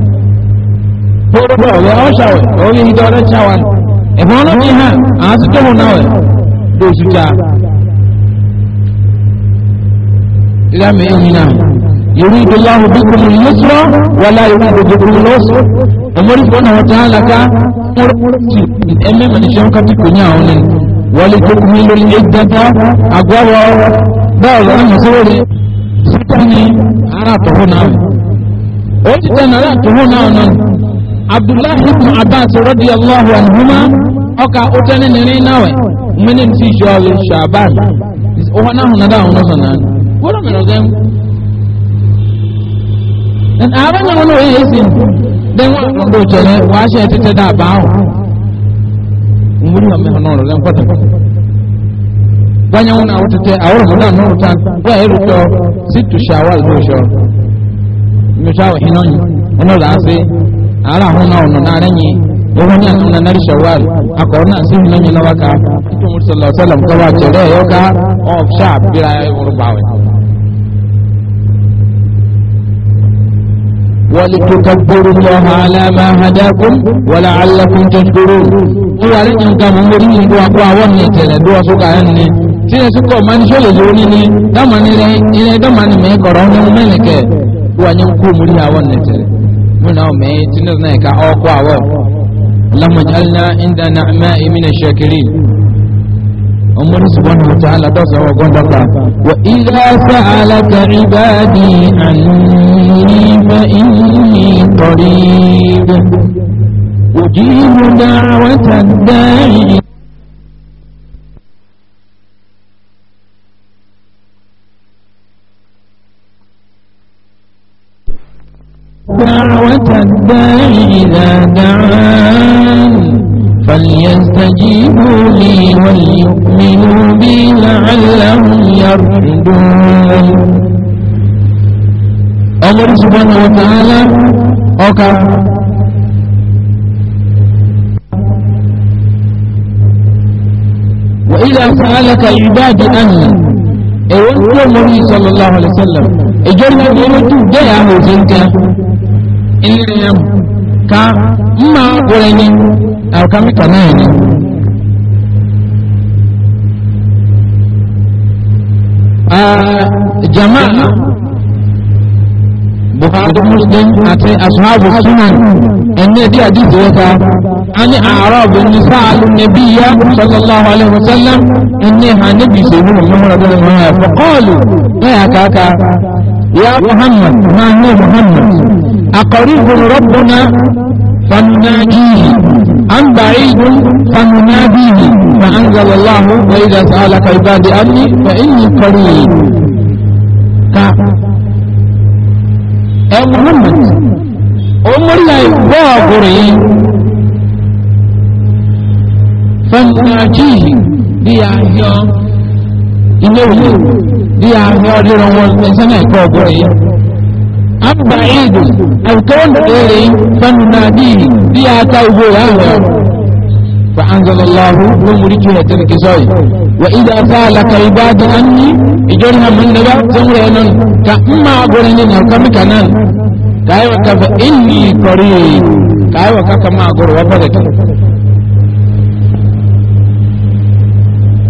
gbogbo ọ̀rẹ́ ọ̀ṣàwẹ̀ orí ìdọ̀ ọ̀rẹ́ ṣàwẹ̀ ẹ̀fọn ọlọ́bí hàn àwọn ti tóhùn náà ẹ̀ lóṣù já ìlàmì ìhìn náà yorù ìdíláhù bíkùn lọ́sọ́ wọlá yorù ìdíláhù lọ́sọ́ ọmọdé fún ọ̀nà ọ̀tá alaka ẹ̀mẹ́ mẹ́nìṣẹ́ kàtí kò ní àwọn ẹni wọlé tókùn lórí ẹgbẹ́ta àgbọ̀wọ̀ báwọ̀ ọ̀nà sórí sítọ́ ní ara àtọ̀hún náà ó ti tẹ̀ náà àtọ̀hún náà náà abdullahi ibn abbas radiyallahu anhuma ọka utani nini nawe mmeni nti jọọli shaban ọhọ náà hùnà dáhùn náà sọnà wọ́n mẹ́rin ọ̀sẹ̀ mu ààrẹ ara ahụ na ọnụ na aranye ohun ni anu na nari shawari akọ na si mu nanyi na waka ito mu sallallahu alaihi wasallam kawa chere yo ka of sharp bira ya wuru bawe ولتكبروا الله على ما هداكم ولعلكم تشكرون تو على ان كان مريم دو اقوا وني تلا دو سوكا يعني تي سوكو من شو لزوني ني دما ني ري ني دما ني مي كورون ملكه واني كو مريم وني تلا من أمي اللهم اجعلنا عند نعماء من الشاكرين أمر سبحانه وتعالى دوسة وقندقة وإذا سألك عبادي عني فإني قريب أجيب دعوة الداعي الداع إذا دعان فليستجيبوا لي وليؤمنوا بي لعلهم يرشدون أمر سبحانه وتعالى أوكا وإذا سألك العباد أن أي وانت صلى الله عليه وسلم أجرنا بيوتو جاء أهو زنكا ilé yẹn ka mma wọlé ní àwòkámítà náà ní. jama bukatu muslim àti asuhabu sunan ẹni di àdìsí wọta ani àárọ̀bù ní sáàlù nàbí ya sallallahu alaihi wasallam ẹni ha níbi ìṣèlú muhammadu bin muhammadu fọkọọlù ní àkàkà ya muhammad máa ní muhammad أقرب ربنا فنناجيه أم بعيد فنناديه فأنزل الله وإذا سألك عبادي عني فإني قريب ك يا محمد أمر لا يبغى فنناجيه bí يوم yọ يوم òye bí a yọ ọdún wọn أم بعيد أو كون إيري فنناديه بيا توبو فأنزل الله ومريك هتنك زوي وإذا سألك عباد أني إجرها من نبا زمرنا كأما أقولني نحكم كنان كأيوة كفإني قريب كأيوة كما أقول وبدك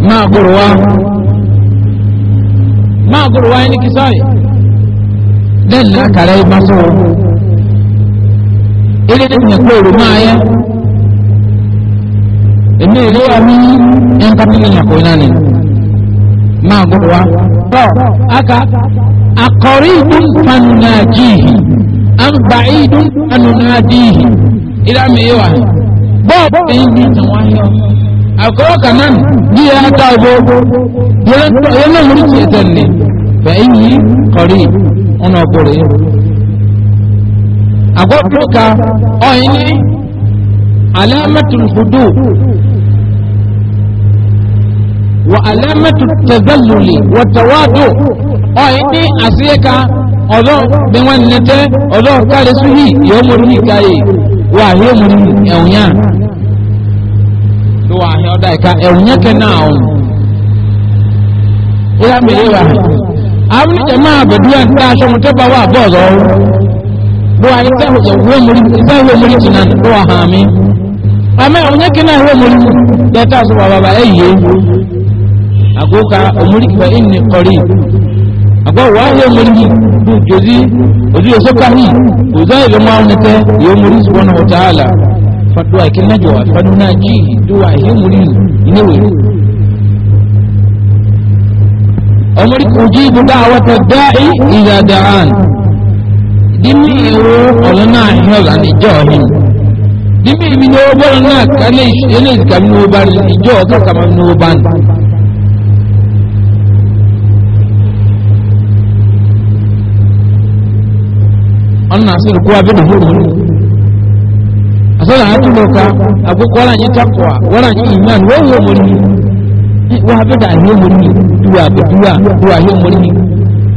ما أقول ما أقول وينك زوي den na kare maso ile din ne ko ruma ya ene ile ami en ka tin ya ko nani ma gwa to aka aqaribun fanunajihi am ba'idun anunadihi ila me yawa bo en ni tan wa yo akoro kanan ni ya ta go yana yana mulki dan ne fa inni qarib ọ̀nà ọ̀pọ̀rọ̀ yìí àgọ́tùkà ọ̀yìn ní alámẹ́tùlùfùdù wà alámẹ́tùtẹ̀zẹ́lùlì wọ̀tẹ̀wádò ọ̀yìn ní àṣíyẹ́ka ọ̀dọ́ gbẹ̀wọ̀n nẹ́tẹ́ ọ̀dọ́ káre súhì yọmọrú nìkáyè wà yọmọrú ẹ̀wùnyá lọ́wọ́ àyẹ́ ọ̀dá ìka ẹ̀wùnyá kẹ́ náà ọ̀hún ó yà mí lé wà àwọn ìjẹ̀mọ́ àbẹ̀dúwà ń dá aṣọ mọ̀tẹ́bà wà bọ́ọ̀lù ọ̀hún bó wà ní ìtẹ́wò mórí ti nà ló wà hàn mí àmì àwọn yẹn kí náà ìwé mórí lẹ́tà sọ wà bàbá ẹ̀ yé àgókà òmórí ìgbà ìní kọrí àgbà wà ìwé mórí bú jòzí ojú ìṣẹ́pà yìí òzá ìlú máa ń tẹ ìwé mórí sọ ọ̀tá àlà fàdúrà ìkínájọ àfàdúrà jì dúwà ìwé mórí ìníwèé ọmọdé kò jí ibùdó àwọn tó dá ì ìdàdà àn dínú ìró ọ̀lọ́ náà hẹ́ọ̀lá níjọ́ ọ̀hìn dínú ìmí ní owó bọ́ọ̀lù náà kálẹ̀ ìṣẹ̀lẹ̀ ìkàmì ní owó bá ní ìjọ ọ̀tọ̀ kàmà ní owó bá ní. ọ̀nà àṣírí kó abẹ́dẹ̀ hóró ní. àṣọ́lá àtúbọ̀ká àgbékọ́ wọ́n àyíká kọ́ wọ́n àyíká ìmọ̀ àwọn òwò mọ̀ nínú. wàhábẹ́dà àhíọ́ mọ́ ní dúwà dúwà dúwà àhíọ́ mọ́ ní.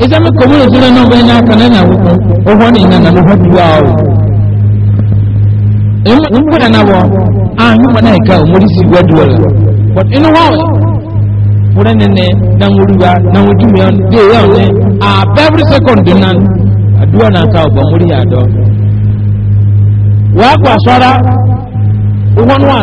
ìsàmì kòmó lè sọ́dọ̀ náà bẹ́ẹ̀ náà kan náà wọ́n ọ̀họ́ ní ìnana ló họ́ dúwà ọ̀. ìmúgbọ́dà náà wọ àhíọ́ mọ́ náà wẹ́ dúwà rẹ̀ but inú wọn dé ọ̀lẹ́ àbẹ́rẹ́ sẹ́kọ̀ndì náà náà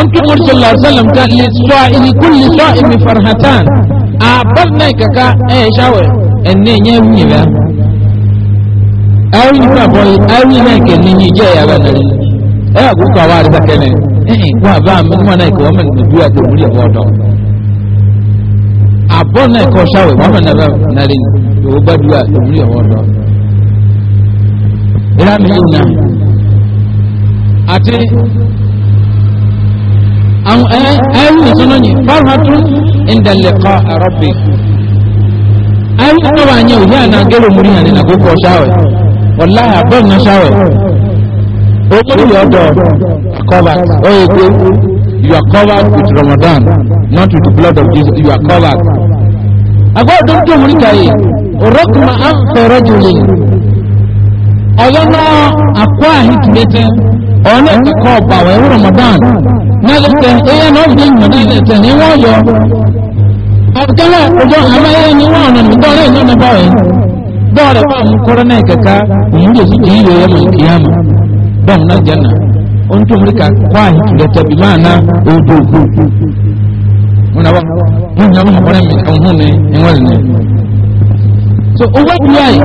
أنت قول صلى الله عليه وسلم كان لكل صائم فرحتان أعبرنا كا إيه شاوي إني نيوني بها أو نفابوي أو نيك إني جاي أبانا إيه أقول كوار سكنة إيه وابا من ما نيك ومن نبيوة تقولي أبوضا أعبرنا كو شاوي ومن نبا نالين وبدوة تقولي أبوضا إلا مجينا أتي àwọn ẹrù ìsọ́nọ́yìn fáwọn ìdàlẹ́kọ̀ àrọ́bì ẹrù ìsọ́wọ́ àyẹ̀ òyí àná gẹ́rọ múrí hàn nínú àkókò ṣáwẹ̀ wọ́lá àbọ̀ you are covered with ramadan not with blood of jesus you are covered. ramadan. n'alẹ́sẹ̀ eyẹ náà fi ń gbọ́dọ̀ ẹ̀sẹ̀ ní wọ́n yọ àbùkálẹ̀ ọjọ́ àmẹ́yẹ ní wọ́n ọ̀nà na ìlú ní báyìí dọ́ọ̀rẹ́ bá mú kọ́rọ́ náà kẹ̀kẹ́ òun yóò sì ti yíyọ na ìkìyàmù bọ́ọ̀mù náà jẹ́ nà ó ń tó mú ká kọ́ àhìkìlẹ̀ máa ná odò wọn náà wọn náà wọn kọ́rẹ́ mi na ni ìwọ̀n ni. so owó ìdúrà yìí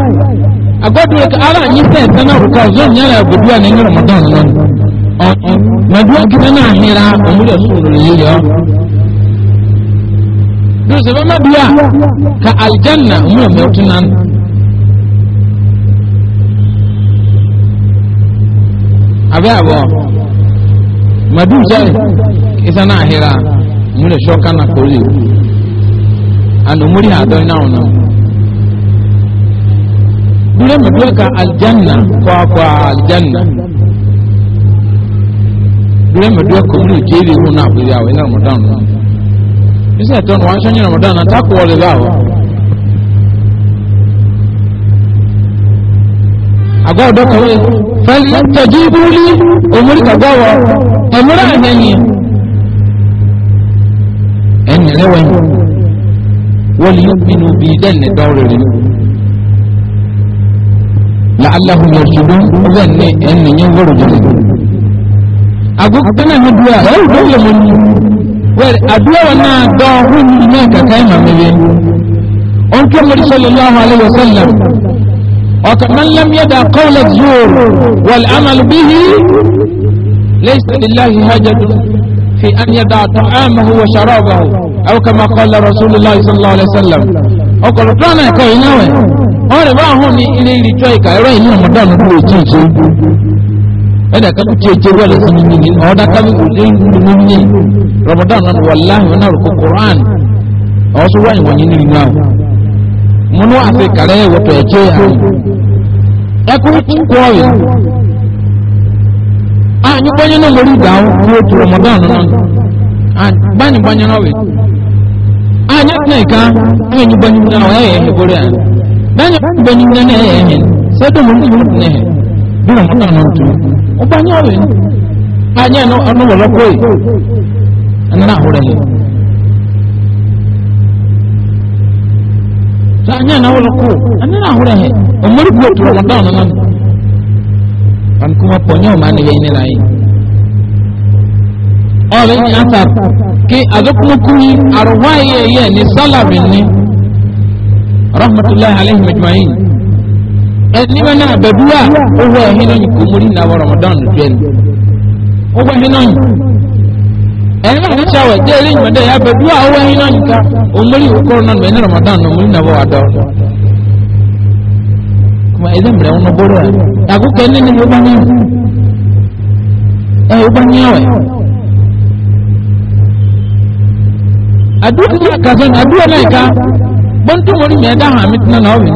àgọ́dúró ara yìí sẹ́ẹ̀ sẹ́nà òkú àzọ́ ìyára àgọ́dúrà ní ramadan náà mọ̀dúwọ́ gíga náà hìnrà òmùlẹ̀ òṣùwòrò yìí yọ. bí o sọ fún mọ̀dúwà ka aljanna òmùlẹ̀ mẹ́tún náà. abẹ́ àbọ̀ mọ̀dú sọ́ọ̀rì isa náà hìnrà òmùlẹ̀ ṣọ́ọ̀ká náà kò lè wù. àná òmùlẹ̀ àdọ́ iná ọ̀nà. dúró mọ̀dúwà ka aljanna kọ́ àkọ́ aljanna lẹ́mẹ̀dọ́ ẹ̀kọ́ ní ìjẹ́ ìrè wọn náà bìrì àwẹ̀ ní ramadan náà bísí ẹ̀tọ́ ni wọ́n aṣọ ní ramadan náà tákù wọlé láwọ̀ àgọ́ ọ̀dọ́ kan wẹ̀ fẹ́lẹ́ tọ́jú ìbúrúlí òmùrí kàgbọ́wọ́ ẹ̀múrà ẹ̀yẹ̀yìn ẹ̀yìn lẹ́wọ̀n wọ́n lè yóò pinnu bí dẹ́nì dọ́rẹ̀ rẹ̀ làálàhùn yẹ̀ṣùgbọ́n ó bẹ́ẹ̀ ní ẹ̀yìn yẹn agogana ne dua ɛyɛ dɔyɛ mo ni wɛrɛ adua wɔ naa dɔn ho ni naa kaka ɛma mi yɛ ɔntɔ mori sallallahu alayhi wa sallam ɔka man lam yada qawla zuur wal amal bihi laysa lillahi hajatu fi an yada ta'amahu wa sharabahu aw kama qala rasulullah sallallahu alayhi wa sallam ɔkɔlɔ tɔn na ɛkɔ yi nyɛ wɛ ɔrɛ baa ho ni ilé yiri tɔ yi ka ɛrɛ yi ni ɔmɔdɔn no kuro kyinkyin ɛna ka kuti eje wale sini nyini ɔda ka bi wuli nunu nye ramadan na walahi wana ruku quran ɔso wani wani nini na munu afe kare wato eje ya ɛku kɔɔyi a nyi kɔnye na mori da o ko tu ramadan na a bani bani na we a nyi tina ka a nyi bani na o ɛyɛ ɛhɛ kori a bani bani na na ɛyɛ ɛhɛ sɛ to mori na mori na ɛhɛ bi ramadan na o tu ọba ní ọ̀rẹ́ ní anyẹ ní ọ̀nàmọ̀ lọ́kọ́ yìí ẹni náà hóró yìí sọ anyẹ náà lọ́kọ́ ẹni náà hóró yìí ọmọdé kúrò tó wọn dáwọn nínú wọn kò mọ pọ̀ ní ọmọ àníyẹ ní láyé ọ̀rẹ́ ní ata kí adókùnúkùnrin àrùwáyé yẹ rahmatulahi alayhi wa ẹnìmẹ́ náà bẹ̀bú à owó ẹ̀hìn náà kò mórí ní àwọn ramadan bẹ́ẹ̀ni owó ẹ̀hìn náà ẹ̀hìn náà ní sáwẹ̀ dé eré ìmọ̀dé ya bẹ̀bú à owó ẹ̀hìn náà nìka òmórí òkúrò náà bẹ̀ẹ́ ní ramadan náà mórí ní àwọn àdá kuma ẹ̀dẹ́ mìíràn wọn bọ́rọ̀ ẹ̀ àkókò ẹni ní ọba ní ẹ̀ ọba ní àwẹ̀ àdúrà náà kásán àdúrà náà ká bọ́ntúmọ̀rí mi ẹ̀dá hàn mí tẹ́ná náà ọ̀bìn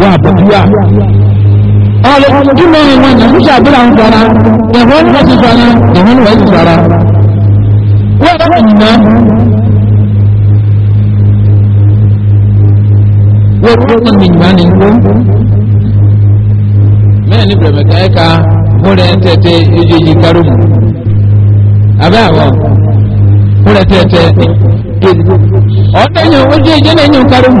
wà àbúrúwà ọ̀rẹ́ kí mẹ́rin wọn ní ṣíṣe àbúrà ń fara ẹ̀fọ́ ní wọ́n ti fara ẹ̀fọ́ ní wọ́n ti fara wọ́n bá wọn nà wọ́n kọ́ ní ìgbà ní ìgbó mẹ́rin ní bẹ̀rẹ̀ mẹ́ta ẹ̀ka múlẹ̀ ń tẹ̀tẹ̀ ojú yìí kárùmù abẹ́ àwọn múlẹ̀ tẹ̀tẹ̀ ọ̀tẹ̀yìn ojú ìjẹ́ náà ń yàn kárùmù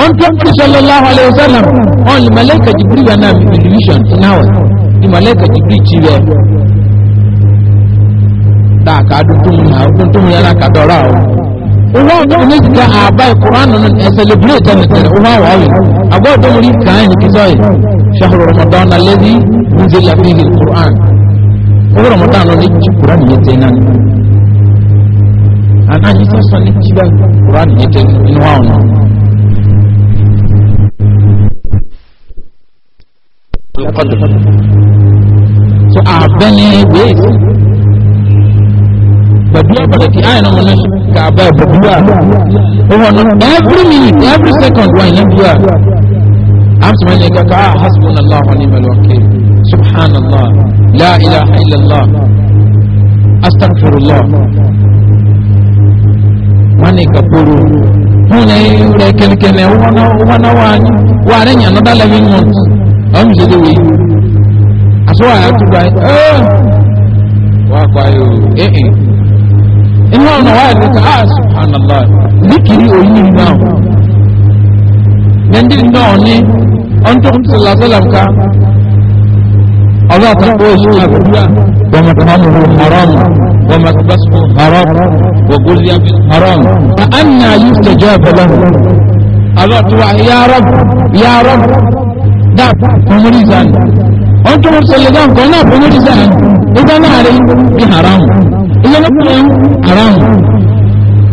on tontu sallallahu alaihi wasallam on li malaika jibril ana mi division nawe ni malaika jibril chiwe da ka dutun na dutun ya na ka dora o uwa no ni ka abai qur'an non e celebrate ne tere uwa wa wi abo do muri kan ki soyi shahru ramadan alladhi unzila fihi alquran uwa ramadan no ni qur'an yete nan ana ni sosan ni chiba qur'an yete ni wa ono القدر so abani ways badua balaki ayi na mɔna ka ba badua ɔwɔ no every minute every second wa ina dua asoma nye kaka ah hasbun allah wa ni'mal wakil subhanallah la ilaha illallah astaghfirullah wani kapuru hune yule kenkene wana wana wani wale nyanoda 11 months ọmọ ìṣe léwe àsọwọ́ àyà tó gba ẹ́ wà gba yìí o ẹ̀ ẹ̀ inú ọ̀nà wà ní ká ah subhanallah níkiri oyin náà nẹ́ndí náà ní ọ̀ntọ́kùn tó sọ̀rọ̀ sọ́lá ká ọlọ́ọ̀tà kó oyin náà gbúdúrà wọ́n mọ̀ tó máa mú haram wọ́n mọ̀ yìí tẹ̀jọ́ ẹ̀fọ́ lọ́wọ́ ọlọ́ọ̀tà yà rọ̀ yà dap fomori zani on tumor sele zani ko na fomori zani ida na are bi haram ida na kuma haram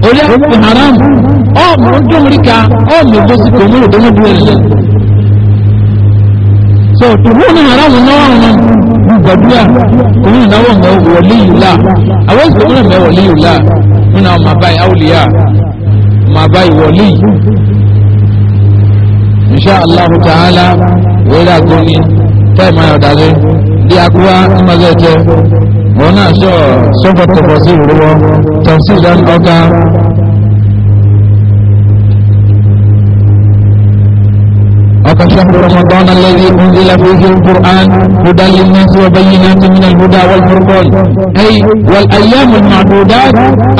ori bi haram o mo tumori ka o mo gosi komori do mo duwele so tuhu ni haram na wa na gbadura òun ìnáwó ọmọ wọlé ìlà àwọn ìsìnkú náà mẹ wọlé ìlà nínú àwọn màbá àwòlíyà màbá ìwọlé insha allah ta'ala wera goni tema ya dare di akuwa mazete mona so sobat tafsir ruwa tafsir dan oka oka shahru ramadan alladhi unzila fihi alquran hudan linnas wa bayyinatin min alhuda wal furqan ay wal ayyam alma'dudat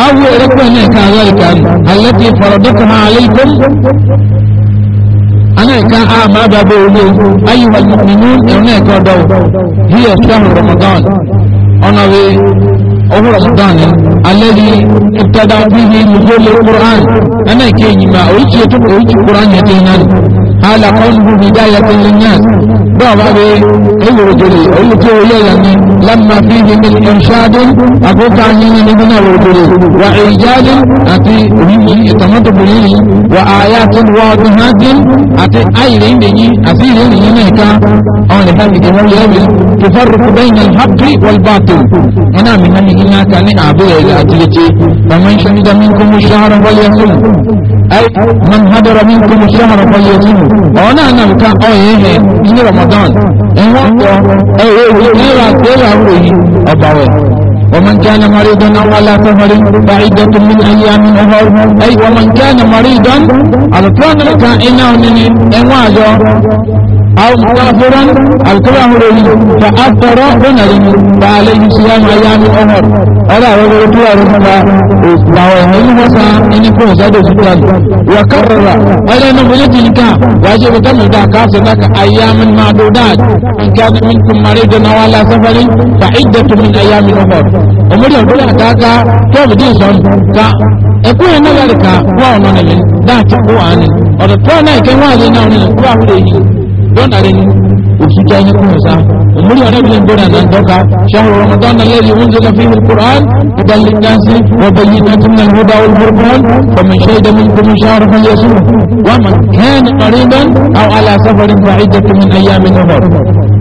aw rabbana ka dhalika allati faradatuha alaykum أنا ما بابولي أيها المؤمنون هناك دو هي شهر رمضان أنا بي أهو رمضان الذي ابتدأ به نزول القرآن أنا كيني ما أريد أريد القرآن يتينا على قوله هداية للناس بابا بي أيوه جلي لما فيه من إرشاد أقول تعليم لبنى وجري وإيجاد أتي وهي يتمد لي وآيات واضحات أتي اي بني أسيرين هناك اولي بلد هو يبل تفرق بين الحق والباطل أنا من أن هناك لأعبير إلى أتلتي فمن شهد منكم الشهر فليصل أي من هدر منكم الشهر فليصل ọ̀nà ànàmùká ọ̀yẹ́ ẹ̀hẹ̀ ní ramadan ẹ̀wọ̀n kọ ẹ̀wọ̀ òwe náírà gbéra òyìn ọ̀bàwẹ̀ ومن كان مريضا او على سفر بعيدة من ايام اخر اي ومن كان مريضا على طول كان انه من انواجه أو مسافرا أو كلام رجل فأفطر بنجم فعليه صيام أيام العمر ألا وقلت يا رسول الله لا يهل وسا إن يكون زاد سكرا وكرر ألا نبلت لك واجب دم ذاك صدق أيام معدودات إن كان منكم مريضا أو على سفر فعدة من أيام العمر أمر يقول لك كيف ديسون كا ẹkún yẹn náà yàrá ká wọn ọ̀nà nìyẹn dáàtì kó àánì ọ̀dọ̀ tó àná ìkẹwọn àlẹ náà ní ìkú àwúrẹ yìí dọ́nà rẹ̀ òtútọ́ yẹn kúrò sá òmùrí ọ̀rẹ́bìnrin gbọ́dọ̀ náà dọ́ka ṣẹ́hùn rọmọdọ́nà lẹ́yìn oúnjẹ lọ fíìmù kúrán ìdálẹ́ dáńsì wọ́pẹ́ yìí náà tún náà gbọ́dọ̀ olùkúrán kọ̀mí ṣe ìdẹ́mi kọ́mí ṣáàrọ̀ fún yẹsù wọ́n mọ̀ kẹ́ẹ̀ni ọ̀rẹ́bìn àwọn aláṣẹ́fọ́rin fún àìjẹ́kùnmí ayé àmì nọ́bọ̀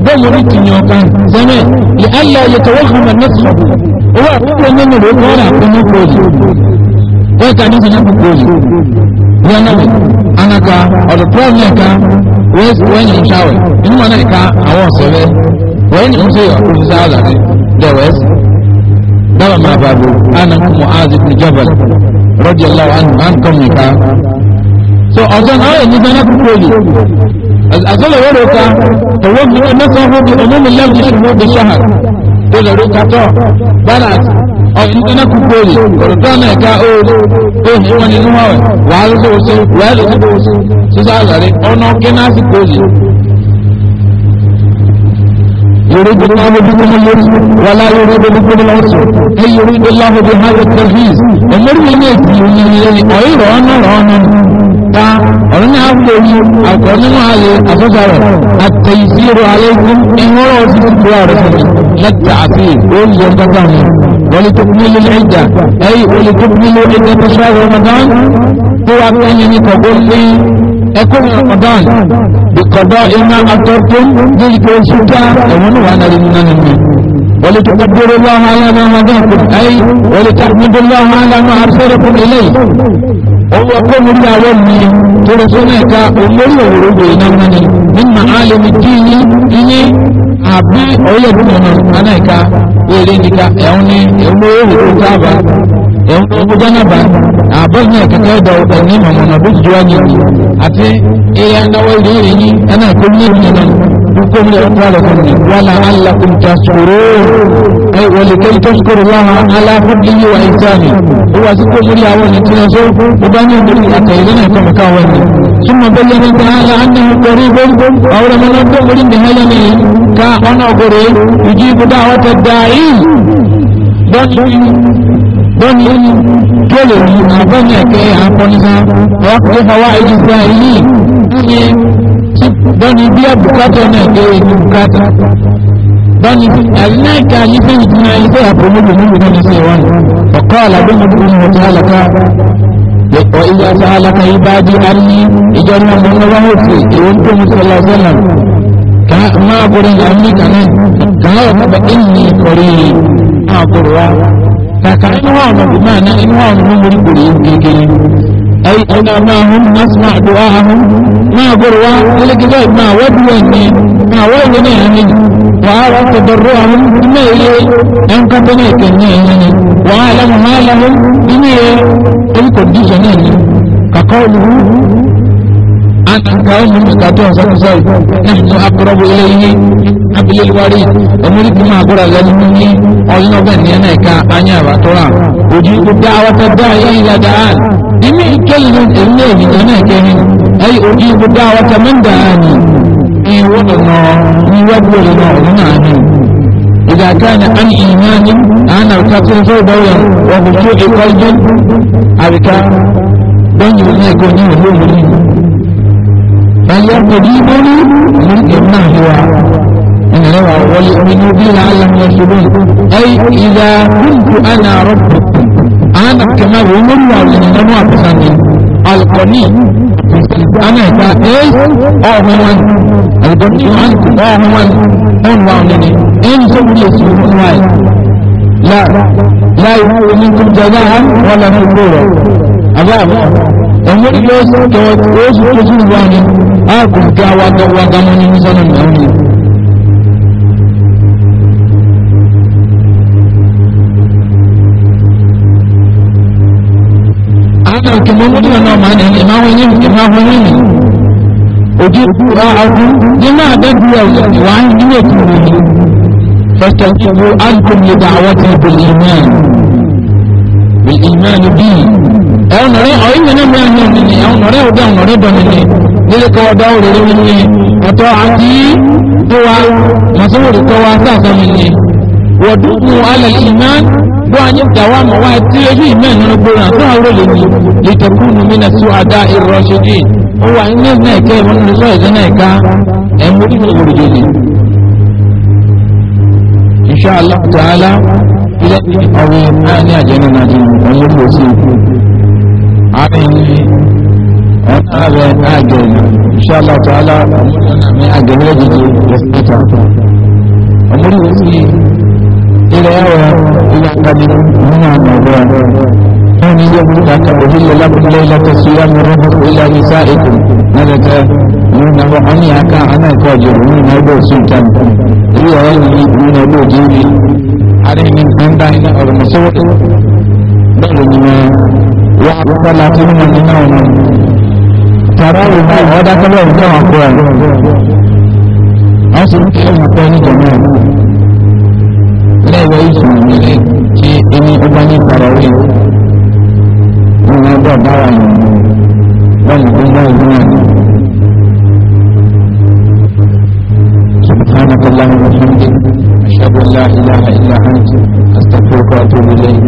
gbọ́mọ̀rí kìnyàn kan sẹ́mẹ̀ lè ayé ayé tọwọ́ hàn mọ̀ nẹ́tì owó àkókò nínú rẹ̀ kọ́ ọ̀rẹ́ àkókò kòlì anaka ọ̀dọ̀ pọ́ọ̀mù ẹ̀ka wọ́n yìí ń ṣàwẹ̀ nínú wọn náà ká àwọn ọ̀sọ̀rẹ́ wọ́n yìí ń ṣe ọ̀kùnrin sáàlà ní dẹ̀wẹ́s dábàá máa bá bò ánà kún mọ́ áàzì ní jabal rọ́jì ọ̀la wa ń kọ́ mi ká. so ọ̀sán náà yẹ nígbà náà kúkú òye àtọ́lẹ̀ wọ́n rò ká owó mi ọmọ sọ́fọ́ bí ọmọ mi lẹ́wọ̀n ní ṣùgbọ́n bí ṣáà tó lè rí kátọ́ balance ọ̀túnṣe náà kú gbòòlì olùdókòwò ẹ̀ka oòrùn oòrùn ìwọ̀n nínú ọ̀rẹ́ wàá lóṣù oṣù wàá lóṣù oṣù sísá àzàrí ọ̀nà kínásì gbòòlì. يريد الله بكم اليسر ولا يريد بكم العسر اي يريد الله بهذا التجهيز امر يميت يميت اي رانا رانا تا ارنا عبدالي اقرنا عليه افضل التيسير عليكم ان ورا وسيد الله رسول لا التعفير قول جنبتهم ولتكمل العدة أي ولتكمل عدة شهر رمضان هو أن تقول لي أكون رمضان بقضاء ما أطرتم ذلك والسكة ومن وانا لمنهم ولتقدروا الله على ما هداكم أي ولتحمدوا الله على ما أرسلكم إليه وقوم الله ولي ترسلك أمور ورد من معالم الدين إليه àbí orílẹ̀-èdè mọ̀nà anáìka eré nìka ẹ̀hún ní ẹ̀hún ló rò ó dábàá ẹ̀wọ̀n jẹ́nàbà àbọ̀n náà kẹ́kẹ́ ẹ̀dọ̀ ẹ̀ní mọ̀mọ́nà bó jù wáyé àti ẹ̀yà náwó ilé ẹ̀yìn ẹ̀nà ìkómìnà ìyẹn náà dukkan da ta da kunni wala allakum tashkuru ai wali kai tashkuru Allah ala fadlihi wa ihsani huwa suko muriya wani tunan so ubani muri akai yana kuma kawani ثم بين تعالى انه قريب او لما نبدا مريم بهلمي كا انا قريب يجيب دعوه الداعي دون bọ́ni gẹ́lẹ̀ yìí àbọ́ni ẹ̀kẹ́ àpọ́nisa ọkùnrin fọwọ́ ìjìnká yìí ní bọ́ni bí ẹ̀bùkátà náà gẹ́ ìlú bùkátà bọ́ni àyínáìka yìí fẹ́ ìdíná ilé àpòmọ́lò nínú náà sí ẹ̀wọ̀n ọ̀kọ́ àlàbọ́nà ọ̀tá àlàká wa iya sa'alaka ibadi anni idan nan mun ga hofi idan to mu sallallahu alaihi wasallam ka ma gurin anni kana ka ba inni qari a qurwa kàkà inú wa ọ̀nà bí máa ná inú wa ọ̀nà mímúrí kò rí gẹ́gẹ́ ayi aina ma hun nasma du'a hun ma gurwa ilgi zai ma waduwa ne ma wai ne ne wa ara tadarru'a hun ne ye an ka bane kan ne ne wa alam halahum ne ye il condition ne ka qawluhu أنت أم المستطيع سنسوي نحن أقرب إليه قبل الوريد ومريد ما أقرأ للمني أولنا بني أنا كأنيا وطرا أجيب الدعوة الداعي إلى دعان إمي كلمة إليه أنا كهن أي أجيب الدعوة من دعاني إيه وضعنا يوضعنا ونعني إذا كان عن إيمان أنا الكافر في دولة وبشوء قلب أبكى بني ونكون يوم فليستجيبوا لي من هو الهوى وليؤمنوا بي لعلهم يرشدون اي اذا كنت انا ربكم انا كما بمر ولنمو ابساني القني انا تا ايش او هون القني عنكم او هون هون وعنني ان سبري يسيرون واي لا لا يحاول منكم جزاء ولا مقبولا عذاب ومن يوسف يوسف يوسف يوسف agùn kí a wágá wágá mọ́ ní mísánà mẹ́rin ana nke mọ́mọ́dé náà máa ní ẹ̀má wọn yẹn ẹ̀má wọn yẹn ni ojú ojú ọ̀hún ní máa dẹ́gbù ẹ̀yẹ ìwà ní ètò ìròyìn fẹ́tẹ̀ ní ìwò agùn lè dá àwọn ti bèèrè náà bèèrè náà ni bíi ẹ̀ ọ̀nọ̀rẹ́ ọ̀yìn náà mẹ́rin ní ẹ̀ ọ̀nọ̀rẹ́ ọ̀dọ́ ọ̀nọ̀rẹ́ dọ́ni ni lórúkọ ọdọ òrèrè mi ni ọtọ àti dọwa màsán òrùkọ wa sáàsá mi ni wọdúnkù alẹ ìmá bó a yẹ dàwa mọ wá tí ojú ìmọ ìnana gbóná àti àwọn olè ní lìtọkù nùmí na sọ àdá ìrọ ṣojú ó wà ní ẹgbẹ ẹkẹ ìmọ nínú sọ ẹgbẹ náà ẹka ẹmú nínú òrùjọ ni. insha allah ta'ala ilé ọ̀rọ̀ ìmọ̀ ní àjẹ́ ààrẹ ààgẹ̀ ìṣàlá tààlà a méjèèjì rẹ̀sìtà ọmọdé orí ilẹ̀ ẹ̀rọ ilẹ̀ akadẹ́mí nínú àwọn ọ̀gbọ́n wọn ni yóò mú kàkà òhìlẹ̀ lábúlé látọ̀ sí yàmù rẹ̀mọ̀tò ilẹ̀ ìsá n'ụlọ nẹ́rẹ̀tẹ̀ ní na na tààrà ìgbà ọ̀dá tọ́lọ̀ ìjọ àpò ẹ̀ wọ́n sì ń kí ẹ̀yìn pẹ́ ní jọ̀mọ́ ẹ̀ lẹ́wọ̀ ìsìn ìrìnlẹ̀ kí ẹni ọba ní ìparawé wọn ọjọ́ bára ní lọ́nà tó ń bá ìlú náà ní. سبحانك اللهم وبحمدك أشهد أن لا إله إلا أنت أستغفرك وأتوب إليك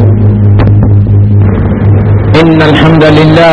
إن الحمد لله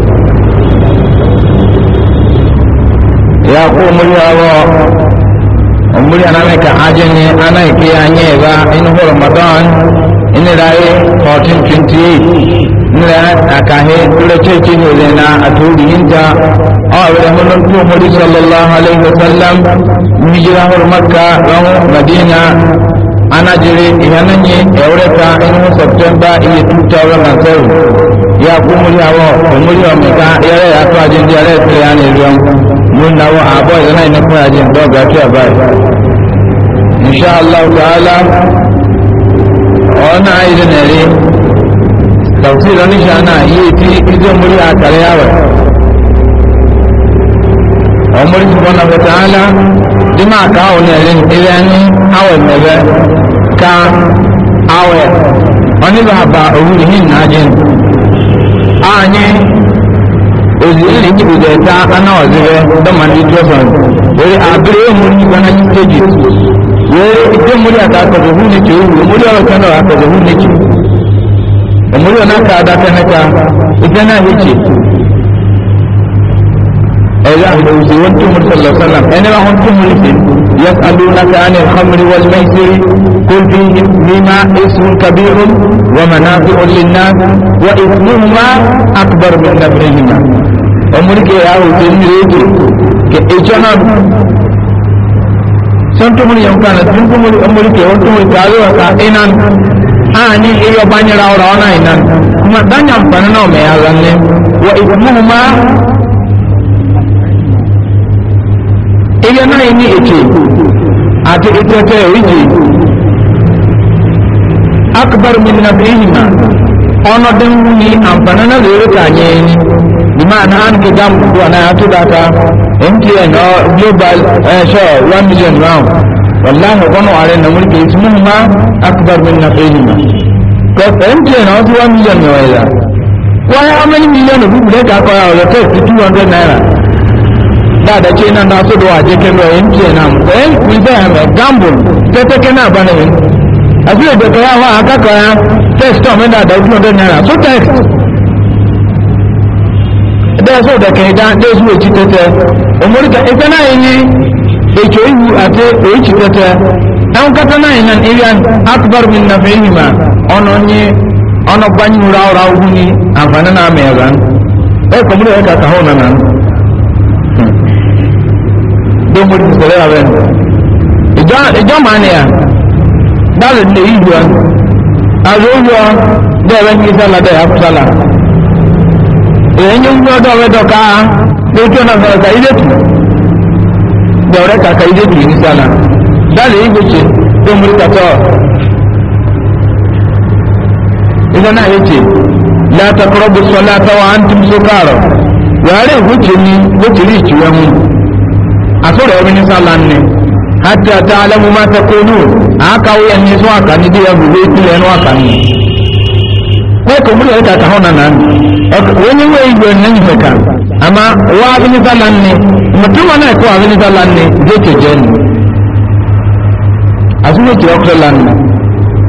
ya ko muri awo muri aname ka ajene ana ke anye ba in ho ramadan in rai 1428 ne aka he dole ce ce ne na aturi inda awre hulun ko muri sallallahu alaihi wasallam hijra hor makka ro madina ana jere ihananye eureka in september iye 2007 ya ko muri awo muri ameka yare atwa jinde yare tiyane ruwan mun na wa abo idan ai na kuna jin ba ga ta ba insha Allah ta'ala ona ai da nare tafsir ni shana yi ti idan muri a kare yawa Umar subhanahu wa ta'ala dima ka wani rin idan awon ne ka awe wani ba ba ruhin najin anyi òsìlè jìbìtì ẹ̀ta anáwọ̀síbẹ̀ dọ́mọdé jọ́sọ̀n wẹ́rẹ́ àbúrò mú ní gbọ́nà tẹ́jì wẹ́rẹ́ ìdé múlí àtàkọ̀tọ̀ hù nìkì òwú múlí ọ̀rọ̀ kan náà àkọ̀tọ̀ hù nìkì òmúlí ọ̀nà kàdá tẹ́nẹ́ta ìtẹ́nà hìkì ẹ̀rọ àgbẹ̀wòsí wọ́n tún mọ́tò lọ́sọ́lá ẹni wà wọ́n tún mọ́lì sí yasalunaka ani alhamri wal maisiri kul fi mima ismun kabirun wa manafi'un linnas wa ismuhuma akbar min nafihima omurike yawo tin reke ke ejona santumuri yankana tuntumuri omurike ontumuri tawe waka inan ani iyo banyira ora ona inan kuma danyam panana me yalanne wa ismuhuma ilé náà ní ètò àti ìtẹ́tẹ́ oríje akbar minna fihima ọ̀nà dẹ́nu ní àǹfààní náà lè rúkà yẹn ni bímọ àná àǹkì dáàmú tó àná àti dáta mtn or global uh, sure one million round wàláhùn ọ̀gbọ́nà ààrẹ nà múlùkì ìtumọ̀ mọ́ akbar minna fihima kọ mtn or one million naira wáyé how many million of people dey kakọ ya ọ̀rọ̀ tẹ́ẹ̀sì two hundred naira da da ce nan nasu da waje kan da yin kenan da yin kun sai mai gamble sai ta kana bana yin a fiye da kaya wa aka kaya test to mai da da kuma don yana so test da so da kai da da su ci tete umurka ita na yin da ke yi ate o ci tete dan kata na yin nan irian akbar min nafihima ono ni ono banyu rawo rawo ni amfana na mai ran eh kuma da ka kawo nan don mo ti sọrọ ẹwẹ nù ìjọ ìjọ màá ni à dáàbò lè yí yọ àlọ yọ bẹẹ bẹ ní sálà bẹẹ yà sálà èyí ń yọ ọdọ ọbẹ dọka ló tí ọ̀nà sọ̀rọ̀ kàí dé tù dọ̀rẹ́ kà kàí dé tù ní sálà dáàbò yí gbèsè don mo ti kàtọ́ náà yẹ tì látàkọ́rọ́ bó sọ látàwọn àǹtí sókàrọ̀ wàá ìwé tì ní bó ti ìtìwẹ́ mu asore obi ni sallah ne hatta ta'lamu ma taqulu aka wo ni so aka ni dia bu be ti lenu aka ni ko ko mu le ta ta hona nan wo ni we igwe ne ni feka ama wa bi ni sallah ne mutuma na ko abi ni sallah ne je je je ni asuma ti okran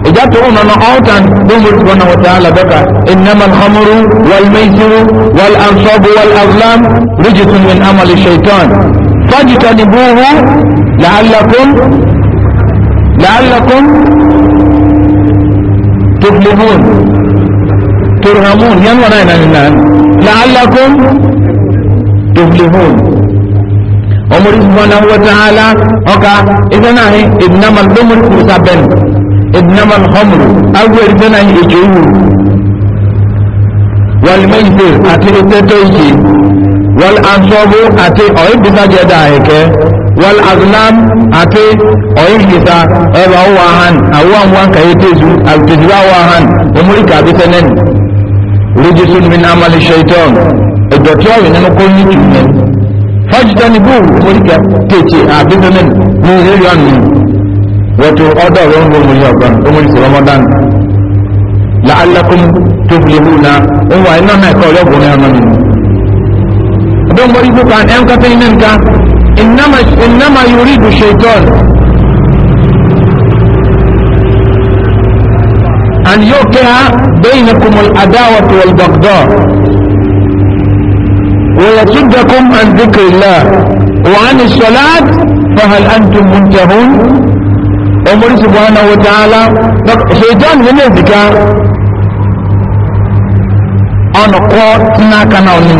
ìjà tó ń nana ọ̀tàn ló ń bọ̀ náà wọ̀tá alábẹ́ka ìnáma alhamuru wàlmẹ́sìrù wàlánsọ́bù wàlázlám ríjìtún min amali shaitan فاجتنبوه لعلكم لعلكم تفلحون ترهمون ينور أين لعلكم تفلحون omori subhanahu wa ta'ala oka idana he idnama al-dumr kusaben idnama al-khamr awu idana he ijuhu wal maisir ati iteto ichi wal asọ́bù àti ọ̀yìn bísá jẹ́dà ẹ̀kẹ́ wal azlam àti ọ̀yìn bísá ẹ̀rọ àwọn ahàn àwọn àwọn kàyé tẹ̀sù àtẹ̀síwá àwọn ahàn omori kàbí sẹ́nẹ̀n ríjísùn min amali shaitan ẹ̀jọ̀ tí ọ̀yìn nínú kó ní jùmẹ̀ fájítà ní bú omori kà don mori kuka an ɗan kafin nan ka innama yuridu shaitan an yuqi'a bainakum al-adawat wal baghdha wa yasuddakum an dhikrillah wa an as-salat fa hal antum muntahun umar subhanahu wa ta'ala shaitan ne zika ono ko tina kana oni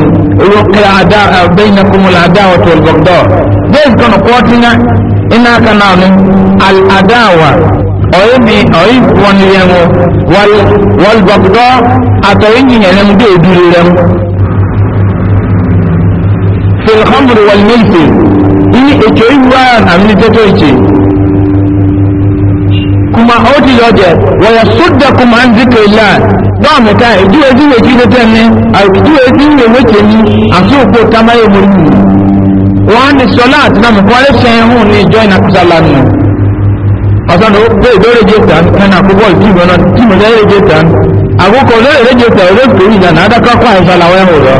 ruqi ada bainakum al adawa wal bagda den kono ko tina ina kana oni al adawa oyemi oyi woni yango wal wal bagda atoyi nyene mu de dulirem fil khamr wal milfi ini echoyi wa amni teto ichi kuma oti loje wa yasuddakum an zikrillah dọ́ọ̀mù ká ìdíwé tí wèé tí lótẹ́ ní àìdíwé tí wèé wékè ní àti òkú tamáyé mo ní wọ́n ní sọlá àti náà mọ̀kọ́ lè ṣe ẹ̀hún ní ìjọ iná kúta lánàá ọ̀sán ó gbé ìgbé tán kánà àkókò ìtìmọ̀ náà tí mo lẹ́yìn rédíò tán àkókò lẹ́yìn rédíò tán ó lè pè mí ìdáná adákọ́kọ́ àìsàn làwọn ẹ̀hún lọ.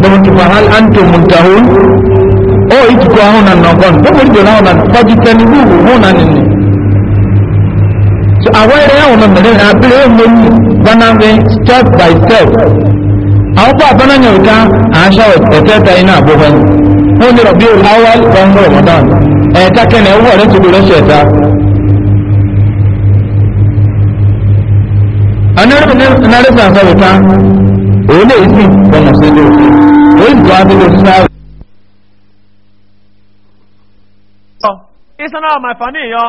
bọ́mọ̀ tí mo hàn án tó mú tahó ó ìtìkọ́ ahọ́n náà nọ̀gọ́n bọ́mọ̀ ìjọ náà náà bájú tẹnubú òhún náà nìyí so àwọn eré àwọn ọmọ mẹrin náà abúlé ní gbanáwé step by step àwọn pa àbánáyà òkà àṣà ẹ̀tẹ́ta iná àbúrò wọn ní rọ̀bí olùhàwá ìgbọ̀ngbọ̀ ramadan ẹ̀ẹ́ta kẹ́ni ẹ̀wọ́ ọ̀rẹ́ ti gbòòrò ṣẹ̀ta anárẹ́sà sọ̀rọ̀ta òun lè sí ọmọ sílẹ̀ òun ìgbà abúlé sáré. ìsanáwó màfà ní ìyọ́.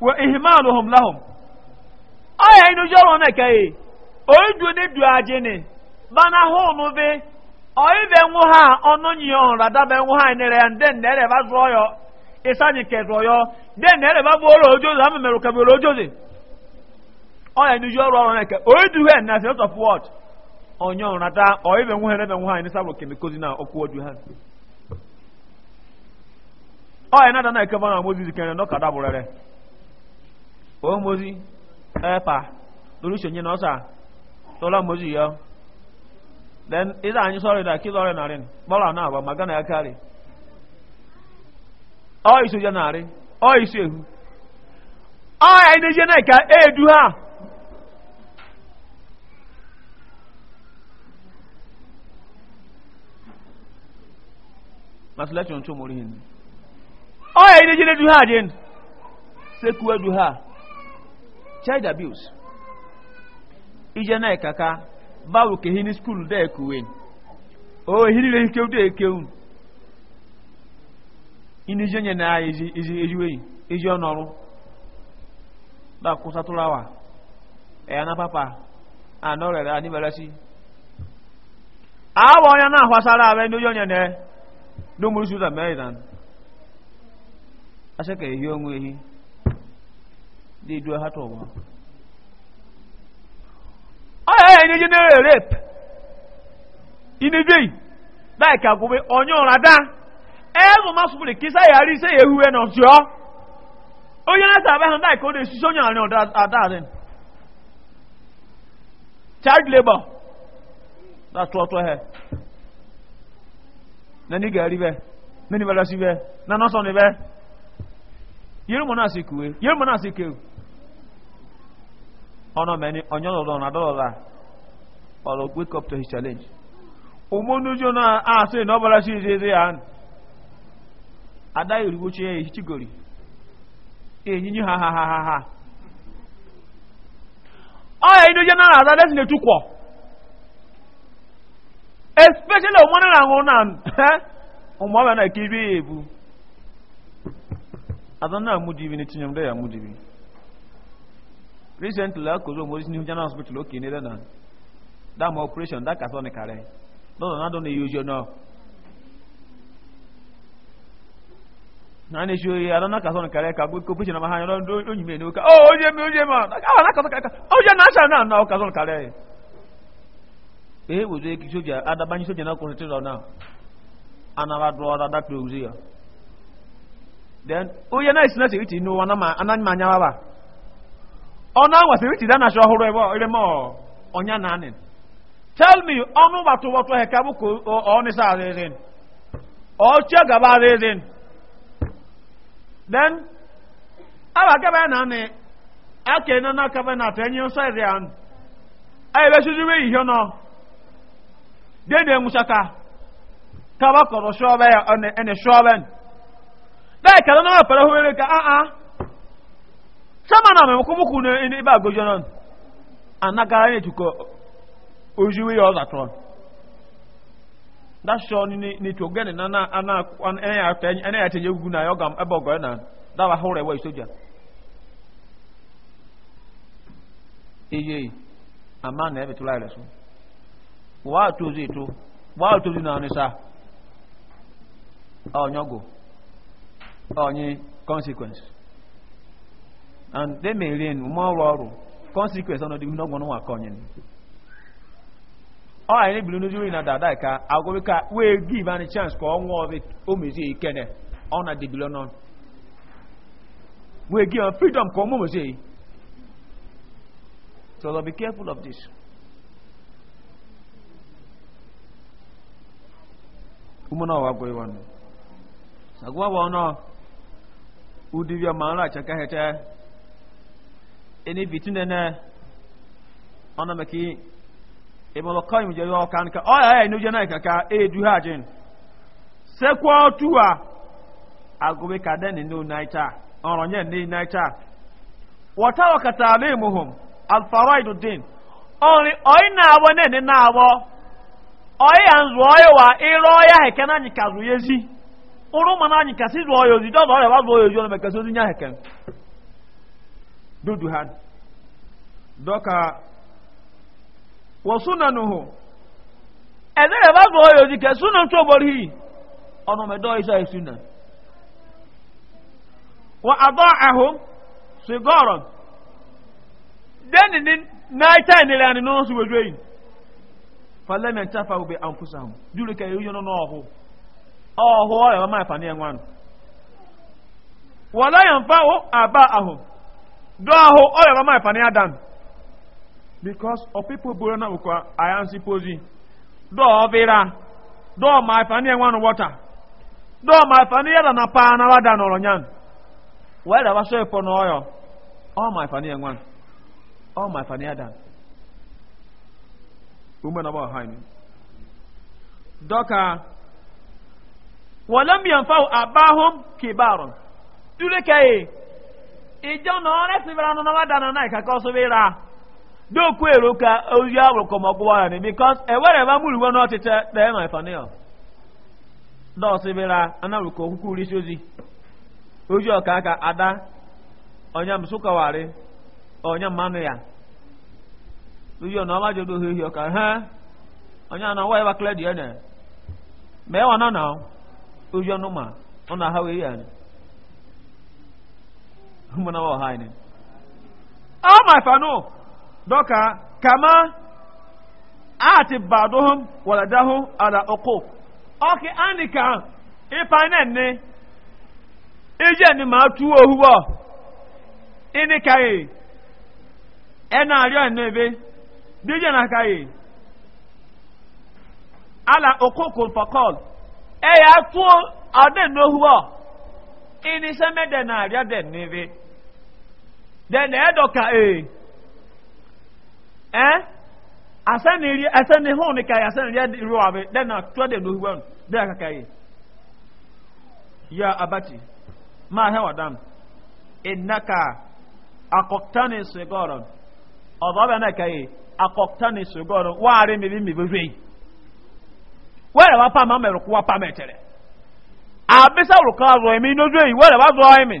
wa ihmaluhum lahum aya inu joro na kai du ne du aje ni bana ho nu be oyi be nwu ha onu nyi on rada be nwu ha ni nde ba zo yo isani ke zo yo de ne ba bo ro ojo za me meru ka bo ro ojo ze aya inu na kai na se of what onyo rada oyi be nwu he be nwu ha ni sabo ke kozi na okwu odu ha ya na na na o mozi epa solution na n'ọsa tọla mozi ya then ịza anyị sọrọ ịda kị sọrọ narị bọla na agba maga na ya karị ọ isu ya narị ọ isu ehu ọ ya ị na na ka edu ha masilation hin ọ ya ị edu ha jen sekuwe ha child abuse ije na ikaka bawo ke hini school da ekuwe o hiri le ikewu da ekewu ini jenye na iji iji ejiwe iji onoru da kusa tulawa e na papa anorere ani beresi awo onye na ahwasara abe ndị onye na n'omuru suza mere dan asị ka ehi onwe ehi dị duo ha tụọ ụwa ọ ya a gị na rep inivei daika gwụbe onye ụra da ezu masụpụrụ kisa ise ya ehuwe na ọsịọ onye na-asa abịa ha daika ọ na-esisi onye arị ọda adị child labor that's what we have na ni gari na ni balasi na nọsọ ni be yeri na ọnọ many ọnyọnọ don na dọlọ la ọlọ wake up to his challenge omonujo na ase na ọbara si eze eze ya ada yorùbá ochie ya ehichigori enyinyi ha ha ha ha ha ọya inoje na ada desi na-etu kwọ especially ọmọdé na ahụ na ike ọbịa na-ekiri ebu azọ na-amụdibi na etinye m dị ya amụdibi recently akụzi omozi n'ihu general hospital oke n'ere na dam operation that cartonic carry na-adọ na-eyi ojii ọnụ na na-eji oyi adọ na cartonic carry ka gbe kopechi na mahanya ndị onye mere n'oke o onye mi onye ma awa na cartonic carry onye na-acha na na cartonic carry ee wezu eki soja adabanye soja na kọnsentrịtọ na anara dụọ ozi ya then onye na-esi na-esi iti n'ụwa anaghị m anya wara ọ na-anwasị richi dana shọ ọhụrụ ebe ọrịa ma ọnya na anị tell me ọnụ bàtụ wọtụ heka bụ ka ọ nịsa arịrị ọchịa gaba arịrị then aba akaba na anị aka na n'akaba na ata enye nsọ ezi anụ ebe sụziri ihe nọ dede nwụchaka kaba kọrọ shọọbẹ ẹni shọọbẹ bẹẹ na náà pẹlẹ hùwẹrẹ ka a ah, ah. sama na mɛmɛ kɔmɔkɔ nebe ba anagara ya tukɔ oziwe yɛ ɔzatɔ dasɔ ni n'etu tso na nana ana ɛnɛ yà na na yɔ gam ebe gɔɛ na daba isoja eye ama na ɛbi tura yɛrɛ so ozi tozi to waa ozi na anisa ɔnyɔgo onye consequence. and they may rain more ọrụ consequence ọnọdụ ihu n'ọgwụ n'ụwa ka onye ọ anyị biri n'ozi ori na dada ka agwọbi ka wee give any chance ka of it o mezie ikene ọ na debiri ọnụ wee give freedom ka ọmụ mezie so be careful of this ụmụ na ọwa agwọ iwanụ agwọ ọnụ udivya ma nra achaka hete ene bitune ne ona maki ibolo kaim je kan ka ya inu na ka ka e du ha jin se kwa agobe ka den ni unaita oro nye ni wata wakata alimuhum alfaraiduddin ori oina awo ni na awo oya nzu wa iro ya na kazu yezi uru mana nyi oyo ya wa na ha. dɔka wasunanuhu ɛdɛrɛ b'a fɔ oyo di kɛ sunan tó bɔri ɔnɔmɛ dɔ isa yi sunan adɔ ahom sigɔrɔ deni ni n'aita yi n'o sugu jo yi falẹmi ɛnta fa obe anfusa ho duru kɛ eyi yɔnɔ n'ɔho ɔho ɔyɛ ɔmá ɛfa ne yɛ ŋwanu yɛn fa wo aba do ahụ ọ yọrọ ma ịpa na adam because ọ pipo buru na bụkwa aya nsi pozi do ọ bịra ma ịpa na enwe anụ wọta do ma ịpa na yada na pa na wada nọrọ nyan wee daba so ịpọ na ọ ma ịpa na ọ ma ịpa na adam ume na ọgba ọha ime dọka wọlọmbiyan fawo abahom kibaron tulekaye ijọ na ọrịa e sibara nọ n'ọwa dana na ịka ka ọ sụba ịra dokwu ero ka ozi awụrụ kọmọ gwụwa ya na bikọs ewere ebe amụrụ iwe n'ọchịchị tee ma ifanil dọsibara anawụrụ ka okwukwu uri ozi ozi ọka aka ada ọnya msụkọwarị onye mmanụ ya ozi ọna ọma jodo ohi ọka ha ọnya na ọwa ịwa kledi ya na ma ịwa e nọ na ozi ọnụ ma ọ na-ahawe ya na muna wa haini oh my fano doka kama ati baduhum waladahu ala uqu oke anika ipane ni ije ni ma tu ohuwo ini kai ena ario enebe dije na kai ala uququl faqal eya tu ade no huwo ini na de then ka e eh asani asani ho ne kai asani ri ro ave then na to de no huwa ka kai ya abati ma ha wadam innaka aqtani sigaran adaba na kai aqtani sigaran wa are mi bi mi bwe where wa pa ma me ro kwa pa metere abisa ro ka ro mi no dwe where wa zo mi